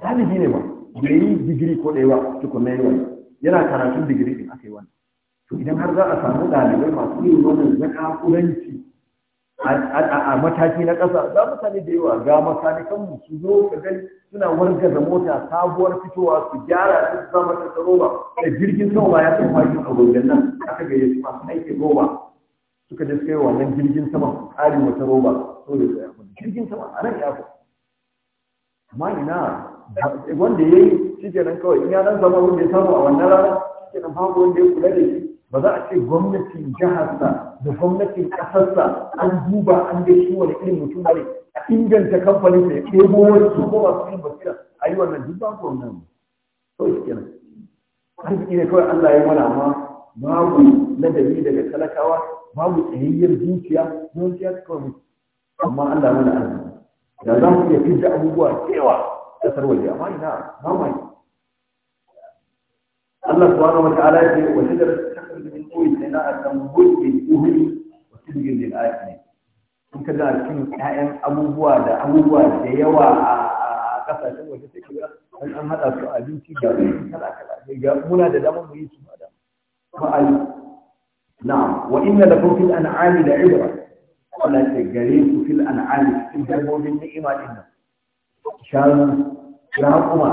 galibi ne ba bai digiri ko ɗaya su kuma yi wani yana karatun digiri din aka yi wani to idan har za a samu ɗalibai masu yin wannan zakakuranci a mataki na ƙasa za mu sani da yawa ga makanikan mu su zo ka gani suna da mota sabuwar fitowa su gyara su zama ta tsaro ba da jirgin sama ya san a agogon nan aka gayyaci masu aiki roba suka je suka yi wannan jirgin sama ƙarin wata roba so da su jirgin sama a nan ya amma ina wanda ya yi shi kenan kawai in ya dan zama wanda ya samu a wannan rana kenan babu wanda ya kula da shi ba za a ce gwamnatin jiharsa da gwamnatin ƙasarsa an duba an ga shi wani irin mutum ne a inganta kamfanin da ya ɗebo wani su ko masu yin basira a yi wannan duk babu wannan kawai shi kenan arziki ne kawai Allah ya yi mana amma babu ladabi daga talakawa babu tsayayyar zuciya zuciya kawai amma Allah ya mana arziki da za mu iya fidda abubuwa cewa kasar waje amma ina mamaki Allah subhanahu wa ta'ala ya ce wa shidar shakar da min koyi sai na adam gulbi uhuri wa sidgin lil ayati kun ka ga cikin ƴaƴan abubuwa da abubuwa da yawa a kasashen waje sai kaga an an hada su abinci da kala kala ga muna da damar mu yi su da fa'al na'am wa inna lakum fil an'ami la ibra Allah ya gare ku fil an'ami cikin dabbobin ni'ima din nan shanu raƙuma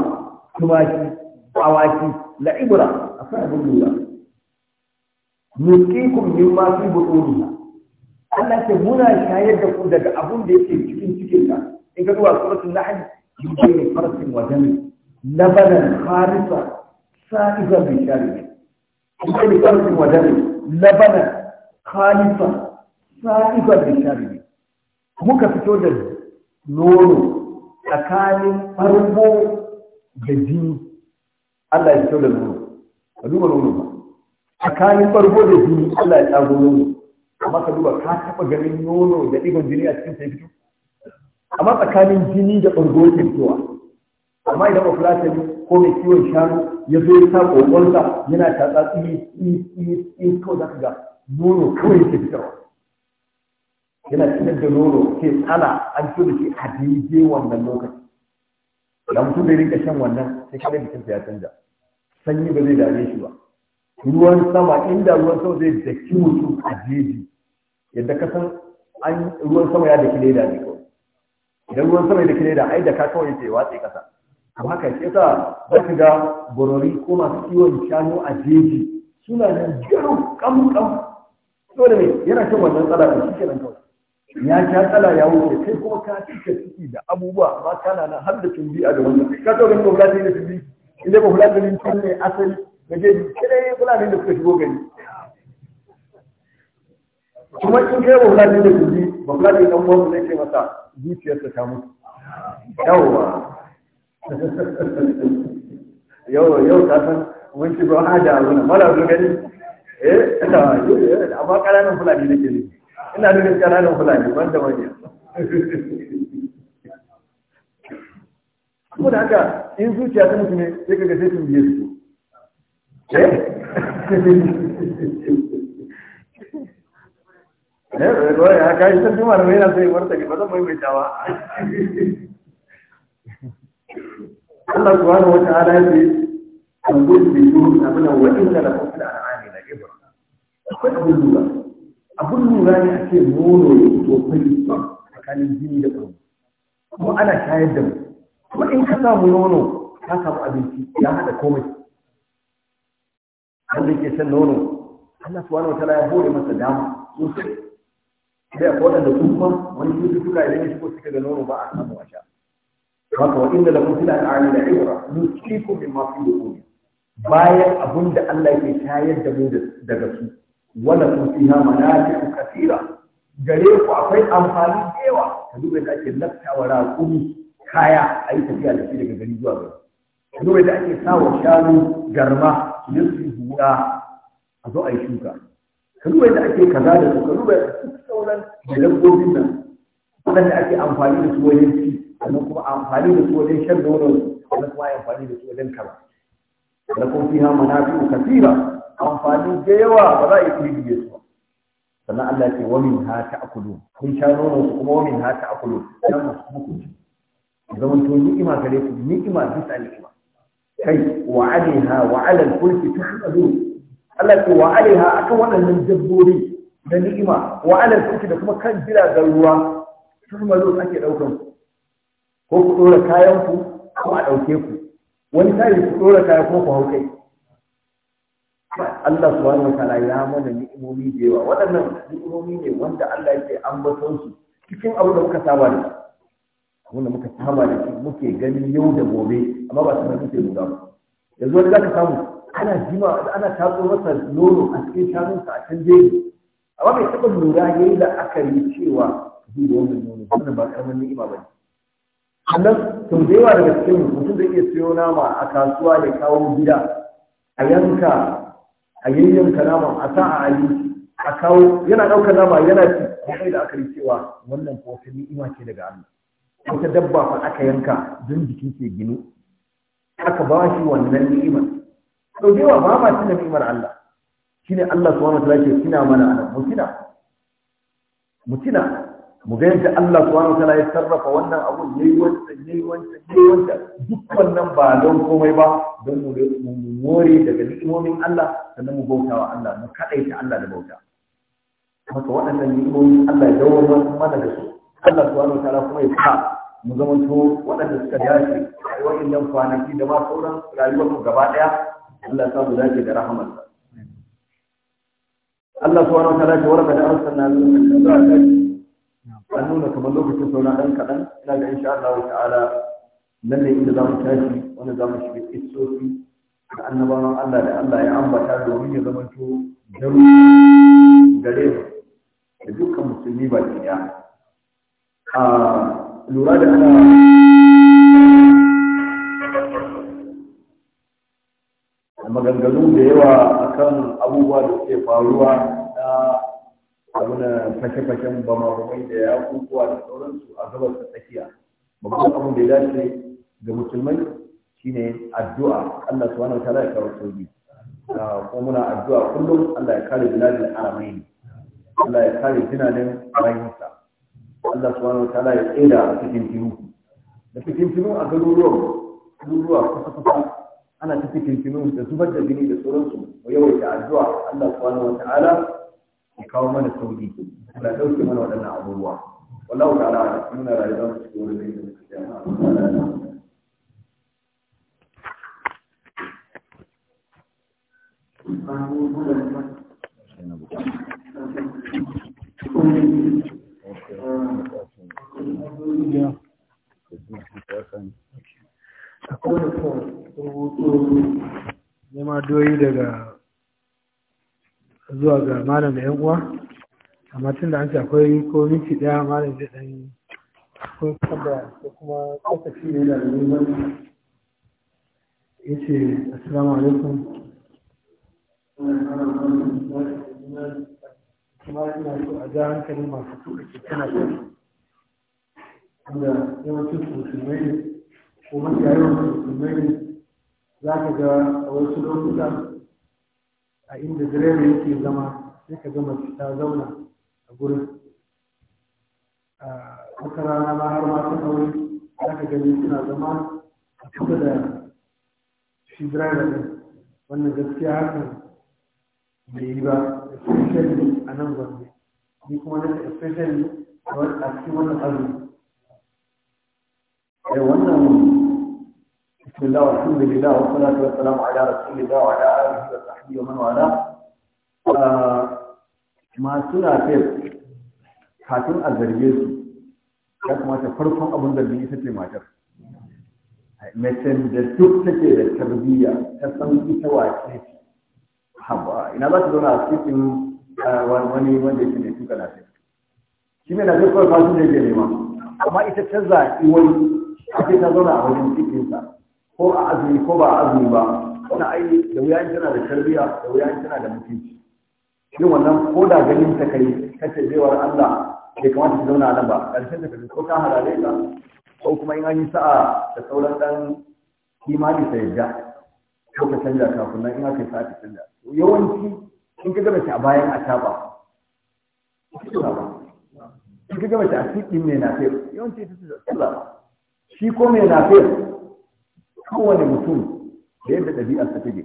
tumaki awaki la'ibura a sa abin lura nuqikum mimma fi butunina Allah ce muna shayar da ku daga abun da yake cikin cikin ka in ka zuwa suratul nahl yubayyin farsin wa dami labanan kharisa sa'iza bi sharibi yubayyin farsin Farasin dami labanan kharisa sa'iza bi sharibi muka fito da nono tsakanin farko da jini Allah ya kyau da nono ka duba nono ba tsakanin farko da jini Allah ya tsago nono amma ka duba ka taɓa ganin nono da ɗigon jini a cikin sai fito amma tsakanin jini da ɓargo ke fitowa amma idan bafulatani ko mai kiwon shanu ya zo ya sa ƙoƙonsa yana tatsa tsiri tsiri tsiri kawai za ka ga nono kawai yake fitarwa yana cikin da nono ke tsala an so da shi a daidai wannan lokaci da mutum da rinka shan wannan sai kada kansa ya canza. sanyi ba zai dame shi ba ruwan sama inda ruwan sama zai daki mutum a jeji yadda ka san an ruwan sama ya daki leda ne kawai idan ruwan sama ya daki leda ai da ka kawai yake watsi kasa amma haka shi sa za ka ga gorori ko masu kiwon shanu a jeji suna nan garo kam kam dole ne yana shan wannan tsada da shi kenan kawai ya ta tsala ya wuce kai kuma ka cika ciki da abubuwa amma kana nan har da tumbi a gaban ka ka tsawon ko fulani da tumbi inda ba fulani ne tumbi ne asali da ke kire fulani ne suka shigo gani? kuma in kai ba fulani da tumbi ba fulani dan uwan ne ke masa zuciyarsa ta mutu yawwa yau yau ka san mun ci ba hada wani mala zo gani eh, eh amma kananan fulani da ke ne ina da nufin ƙananan fulani ban da manya kuma da haka in zuciya ta mutu sai kaga sai tun biye su eh eh ya ka yi tun tuma mai na sai warta ki bazan mai mai tawa Allah subhanahu wa ta'ala ya ce an gudu bi su abuna wa inna lakum fil an'ami na ibra akwai abun abin lura ne a ce nono ya fito fari tsakanin jini da ɓaro kuma ana shayar da mu kuma in ka samu nono ka samu abinci ya haɗa komai wanda ke shan nono Allah subhanahu wa ta'ala ya bude masa dama sosai sai akwai waɗanda su kuma wani cututtuka idan ya shigo suka ga nono ba a samu a sha haka wa inda lakum fil al'ami la ibra nusikum mimma fi bukuni bayan abinda Allah ke shayar da mu daga su wala kun fiha manafi'u kathira gare ku akwai amfani da yawa ka duba da ake wa raƙumi kaya a yi tafiya da shi daga gari zuwa gari ka duba da ake sawa shanu garma ne su hura a zo a yi shuka ka duba da ake kaza da su ka duba da su sauran da dabbobin nan waɗanda ake amfani da su wajen ci sannan kuma amfani da su wajen shan nono sannan kuma amfani da su wajen kala da kuma fiha manafi'u kathira amfani da yawa ba za a yi kurdige su ba sannan Allah ce wa min ha akulu kun sha nono su kuma wa min ha akulu ya masu kuma kun ci zaman to ni'ima gare ku ni'ima bisa ni'ima kai wa alaiha wa ala al-fulki tuhmadun Allah ce wa alaiha akan waɗannan dabbobi na ni'ima wa ala al da kuma kan jiragen ruwa tuhmadun ake daukan ku ko ku dora kayan ku ko a dauke ku wani sai ku dora kayan ko ku hau kai Allah subhanahu wataala ya mana ni'imomi da yawa waɗannan ni'imomi ne wanda Allah yake ambaton su cikin abu da muka saba da shi wanda muka saba da shi muke gani yau da gobe amma ba su muke lura ba yanzu wani zaka samu ana jima ana tatso masa nono a cikin sa a can jeji amma bai taɓa lura ya yi la'akari cewa zai da wannan nono wannan ba ƙaramin ni'ima ba ne sannan sau da yawa daga cikin mutum da iya siyo nama a kasuwa ya kawo gida a yanka a yayyan kalama a sa a ali a kawo yana ɗaukar nama yana ci kuma da aka yi cewa wannan ko ni'ima ce daga Allah wata dabba fa aka yanka don jikin ke ginu aka ba shi wannan ni'ima to da ba ma tuna ni'imar Allah shine Allah subhanahu wa ta'ala ke kina mana anan mu mu ga yadda Allah subhanahu wataala ya sarrafa wannan abun yi wancan yi wancan yi wancan Dukkan nan ba don komai ba don mu more daga ni'imomin Allah sannan mu bauta wa Allah mu kadaita Allah da bauta haka waɗannan ni'imomin Allah ya dawo mana da su Allah subhanahu wataala kuma ya sa mu zama to waɗanda suka dace rayuwar nan kwanaki da ma sauran rayuwar mu gaba ɗaya Allah ya sa mu dace da rahamarsa Allah subhanahu wataala ya warka da arsalna min an nuna kamar lokacin sauna ɗan kaɗan ina ga insha Allah ta'ala ne inda za mu tashi wanda za mu shiga isofi da annabawan Allah da Allah ya ambata domin ya zamanto daru gare mu da dukkan musulmi ba ke ya lura da ana maganganu da yawa akan abubuwa da suke faruwa na abuna fashe-fashen ba mabamai da ya kukuwa da sauransu a gabas ta tsakiya babban abin da ya dace ga musulmai shine addu'a Allah subhanahu wa ta'ala ya kawo sauki ah, ko muna addu'a kullum Allah ya kare biladin aramain Allah ya kare tunanin bayinsa Allah subhanahu wa ta'ala ya tsira a cikin tinu da cikin tinu a garuruwan garuruwa kusa kusa ana cikin tinu da zubar da gini da sauransu mu yawaita addu'a Allah subhanahu wa ta'ala ya kawo mana sauki ana ɗauke mana waɗannan abubuwa wallahu ta'ala muna rayuwa cikin wani da yake da Akwai da kuma daga zuwa ga malam da yan uwa amma tun da an ce akwai ko minti daya malam zai dan ko kada ko kuma shi ne da neman yace assalamu alaikum kuma ina so a ja hankalin masu tuka ke kana da yawancin musulmai ne ko mafi yawan musulmai ne za ka ga a wasu lokutan a inda direba yake zama sai ka gama ta zauna a gurin a wata rana ma har ma kawai za ka gani suna zama a kusa da shi direba ɗin wannan gaskiya hakan mai yi ba especially a nan gwamnati ni kuma na especially a cikin wannan azumi eh, wannan بسم الله والحمد لله والصلاة والسلام على رسول الله وعلى آله وصحبه fes kafin a zarge su ya kamata farkon abin zargi ita ce matar macen da duk take da tarbiyya ta san ita wace haba ina za ta zauna a cikin wani wanda yake ne tuka lafiya shi ne na zai kawai fasin da yake nema amma ita ta zaɓi wani ake ta zauna a wajen cikinsa ko a azumi ko ba a azumi ba wani ai da wuya in tana da tarbiyya da wuya in tana da mutunci shi wannan ko da ganin ta kai kace baiwar Allah bai kamata ta zauna nan ba karshen ta ko ka halale ta ko kuma in an yi sa'a da sauran dan kimani ta yadda ko ka canja kafin nan in aka yi sa'a ta canja yawanci in ka gaba a bayan a taba in ka gaba a cikin mai nafe yawanci ta ce shi ko mai nafe kowane mutum da yadda su take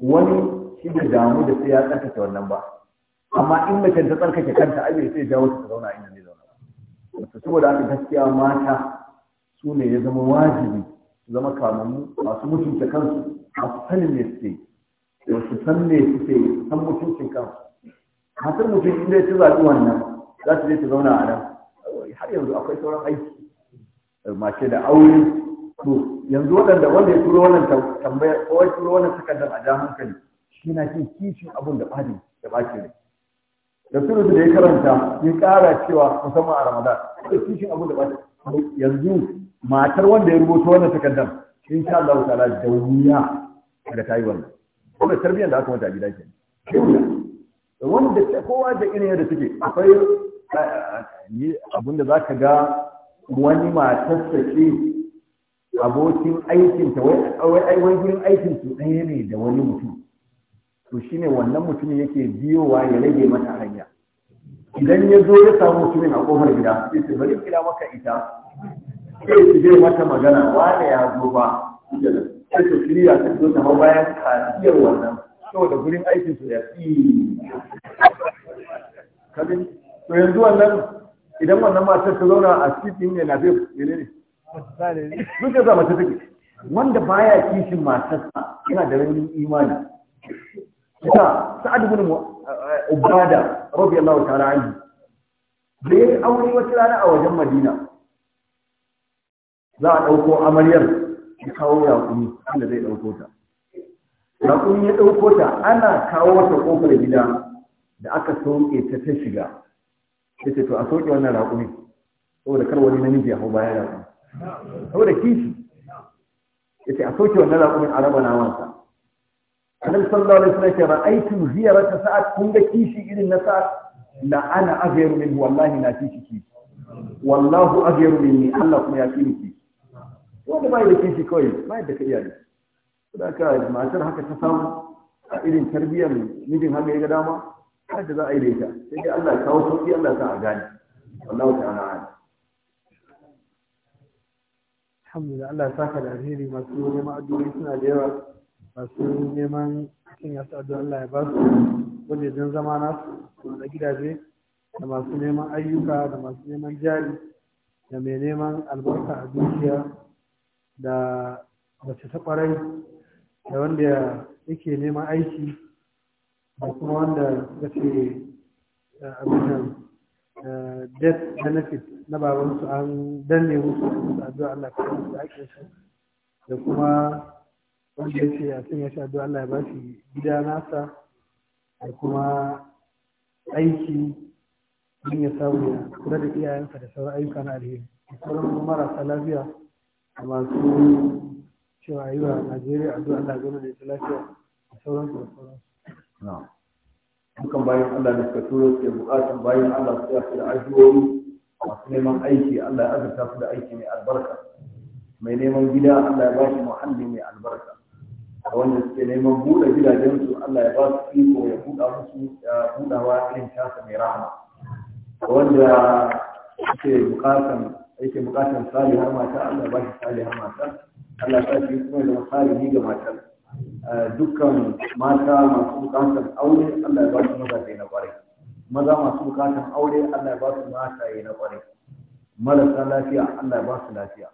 wani shi da damu da sai ya tsarkake wannan ba amma in mace ta tsarkake kanta ai bai sai jawo ta zauna inda zai zauna wato saboda haka gaskiya mata su ne ya zama wajibi su zama kamammu masu mutunta kansu masu sanin ne suke da su san me suke san mutuncin kansu hatar mutum inda ya ci zaɓi wannan za su je ta zauna a nan har yanzu akwai sauran aiki mace da aure to yanzu waɗanda wanda ya turo wannan tambayar ko ya turo wannan takardar a ja hankali shi na cin kishin abun da bani da ɓaci ne da suru da ya karanta ya ƙara cewa musamman a ramadan da kishin abun da ɓaci yanzu matar wanda ya rubuta wannan takardar insha Allah ta'ala da wuya daga ta yi wannan da tarbiyyar da aka mata gida ke wanda kowa da irin yadda take akwai eh, eh, eh, abinda za ka ga wani matar ce abokin aikinta wai wai gurin aikin su ɗaya ne da wani mutum to shine wannan mutumin yake biyowa ya rage mata hanya idan ya zo ya samu mutumin a kofar gida sai su bari gida maka ita sai su je mata magana wane ya zo ba sai su shirya su zo ta bayan kariyar wannan saboda gurin aikin su ya fi to yanzu wannan idan wannan matar ta zauna a cikin ne na zai ne duk da za mace take wanda baya kishin matarsa yana da rauni imani ta sa'ad ibn eh, ubada radiyallahu ta'ala anhu da yayi aure wata rana a wajen madina za a dauko amaryar ya kawo raƙumi inda zai dauko ta ya dauko ta ana kawo ta kofar gida da aka sauke ta ta shiga Ita to a sauke wannan raƙumi saboda kar wani namiji ya hau bayan raƙumi saboda kishi ce a soke wannan raƙumin a raba namansa annabi sallallahu alaihi wasallam ya ra'aytu ziyarata sa'at kun ga kishi irin na sa'at la ana aghayru min wallahi na kishi ki wallahu aghayru minni Allah kuma ya kini ki wanda bai da kishi kawai bai da kiyari da ka matar haka ta samu a irin tarbiyyar mijin haka ya ga dama har da za a yi da ita sai dai Allah ya kawo sauki Allah ya sa a gane wallahu ta'ala alhamdulillah Allah ya saka da alheri masu neman addu'o'i suna da yawa masu neman cikin yasa addu'a Allah ya basu su wajejen zama nasu da gidaje da masu neman ayyuka da masu neman jari da mai neman albarka a dukiya da mace ta kwarai da wanda yake neman aiki da kuma wanda suka ce eh, abinan eh, death benefit na babansu an danne musu da addu'a Allah ka yi da ake su da kuma wanda ya ce a ya shi addu'a Allah ya ba shi gida nasa da kuma aiki don ya samu ya kula da iyayensa da sauran ayyuka na alheri da sauran marasa lafiya da masu cewa yi wa Najeriya addu'a Allah gano da ita lafiya da sauransu da sauransu. Dukan bayan Allah da suka turo ke bukatun bayan Allah su yafi da arziki masu neman aiki Allah ya azurta su da aiki mai albarka mai neman gida Allah ya ba muhalli mai albarka a wanda suke neman buɗe gidajensu Allah ya ba su iko ya buɗa musu buɗawa irin tasa mai rahama a wanda suke bukatan yake bukatan salihar mata Allah ya ba shi salihar mata Allah ya sa shi kuma da salihi ga matar eh, dukkan mata masu bukatan aure Allah ya ba su mazaje na kwarai maza masu bukatan aure Allah ya ba su yi na kwarai marasa lafiya Allah ya ba su lafiya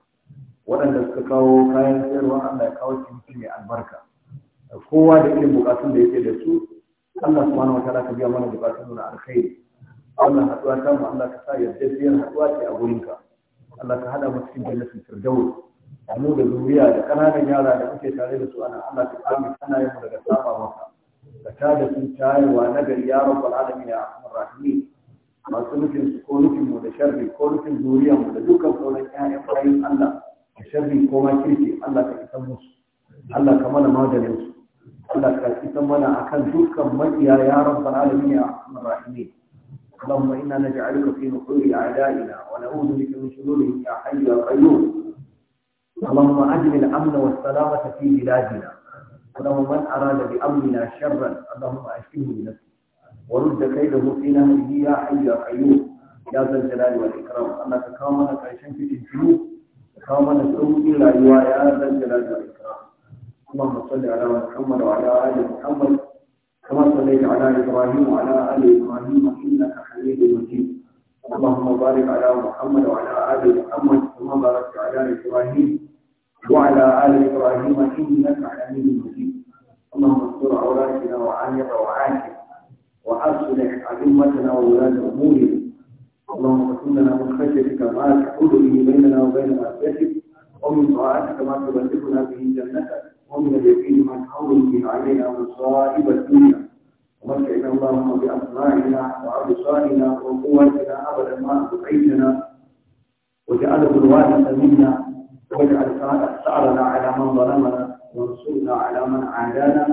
waɗanda suka kawo kayan sayarwa Allah ya kawo ciniki mai albarka kowa da irin bukatun da yake da su Allah subhanahu wa ka biya mana bukatun na alkhairi Allah haɗuwa ta mu Allah ka sa yarda biyan haɗuwa ce a gurinka Allah ka haɗa mu cikin jannatin firdaus mu da zuriya da ƙananan yara da muke tare da su ana Allah ka kame kana yin daga saba maka ka da su tayewa na gari ya rabbal alamin ya arhamar rahimin masu nufin su ko nufin mu da sharri ko nufin zuriyar mu da dukkan sauran ƴaƴan bayin Allah da sharri ko ma kirki Allah ka isan musu Allah ka mana maganin su Allah ka isan mana akan dukkan maƙiya ya rabbal alamin ya arhamar rahimin اللهم إنا نجعلك في نحور أعدائنا ونعوذ بك من شرورهم يا حي يا قيوم اللهم أجل الأمن والسلامة في بلادنا اللهم من أراد بأمرنا شرا اللهم أشفه بنفسه ورد كيده في نهره يا حي يا قيوم يا ذا الجلال والإكرام أما تكامل كعشان في الجنوب تكامل إلا إلى يا ذا الجلال والإكرام اللهم صل على محمد وعلى آل محمد كما صليت على إبراهيم وعلى آل إبراهيم إنك حميد مجيد اللهم بارك على محمد وعلى آل محمد كما باركت على إبراهيم وعلى آل إبراهيم إنك حميد مجيد اللهم استر عوراتنا وعانق روعاتنا وأصلح أئمتنا وولاة أمورنا اللهم كن لنا من خشيتك ما تحول به بيننا وبين معصيتك ومن طاعتك ما تبلغنا به جنتك ومن اليقين ما تحول به علينا مصائب الدنيا ومتعنا اللهم بأسماعنا وأبصارنا وقوتنا أبدا ما أبقيتنا وجعله الوارث منا واجعل ثأرنا على من ظلمنا وانصرنا على من عادانا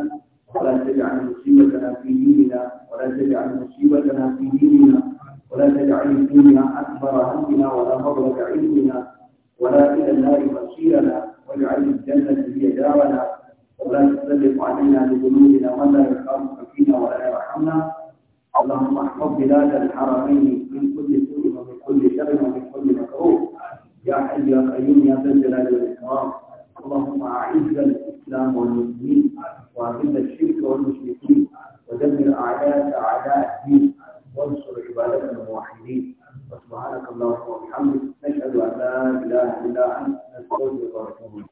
ولا تجعل مصيبتنا في ديننا ولا تجعل مصيبتنا في ديننا ولا تجعل الدنيا أكبر همنا ولا مبلغ علمنا ولا إلى النار مصيرنا واجعل الجنة هي دارنا ولا تسلط علينا بذنوبنا من لا يخافك فينا ولا يرحمنا اللهم احفظ بلاد الحرمين من كل سوء ومن كل شر ومن كل مكروه يا حي يا قيوم يا ذا الجلال والإكرام اللهم أعز الإسلام والمسلمين وأذل الشرك والمشركين ودمر أعداءك أعداء الدين وانصر عبادك الموحدين وسبحانك اللهم وبحمدك نشهد أن لا إله إلا أنت نستغفرك ونتوب إليك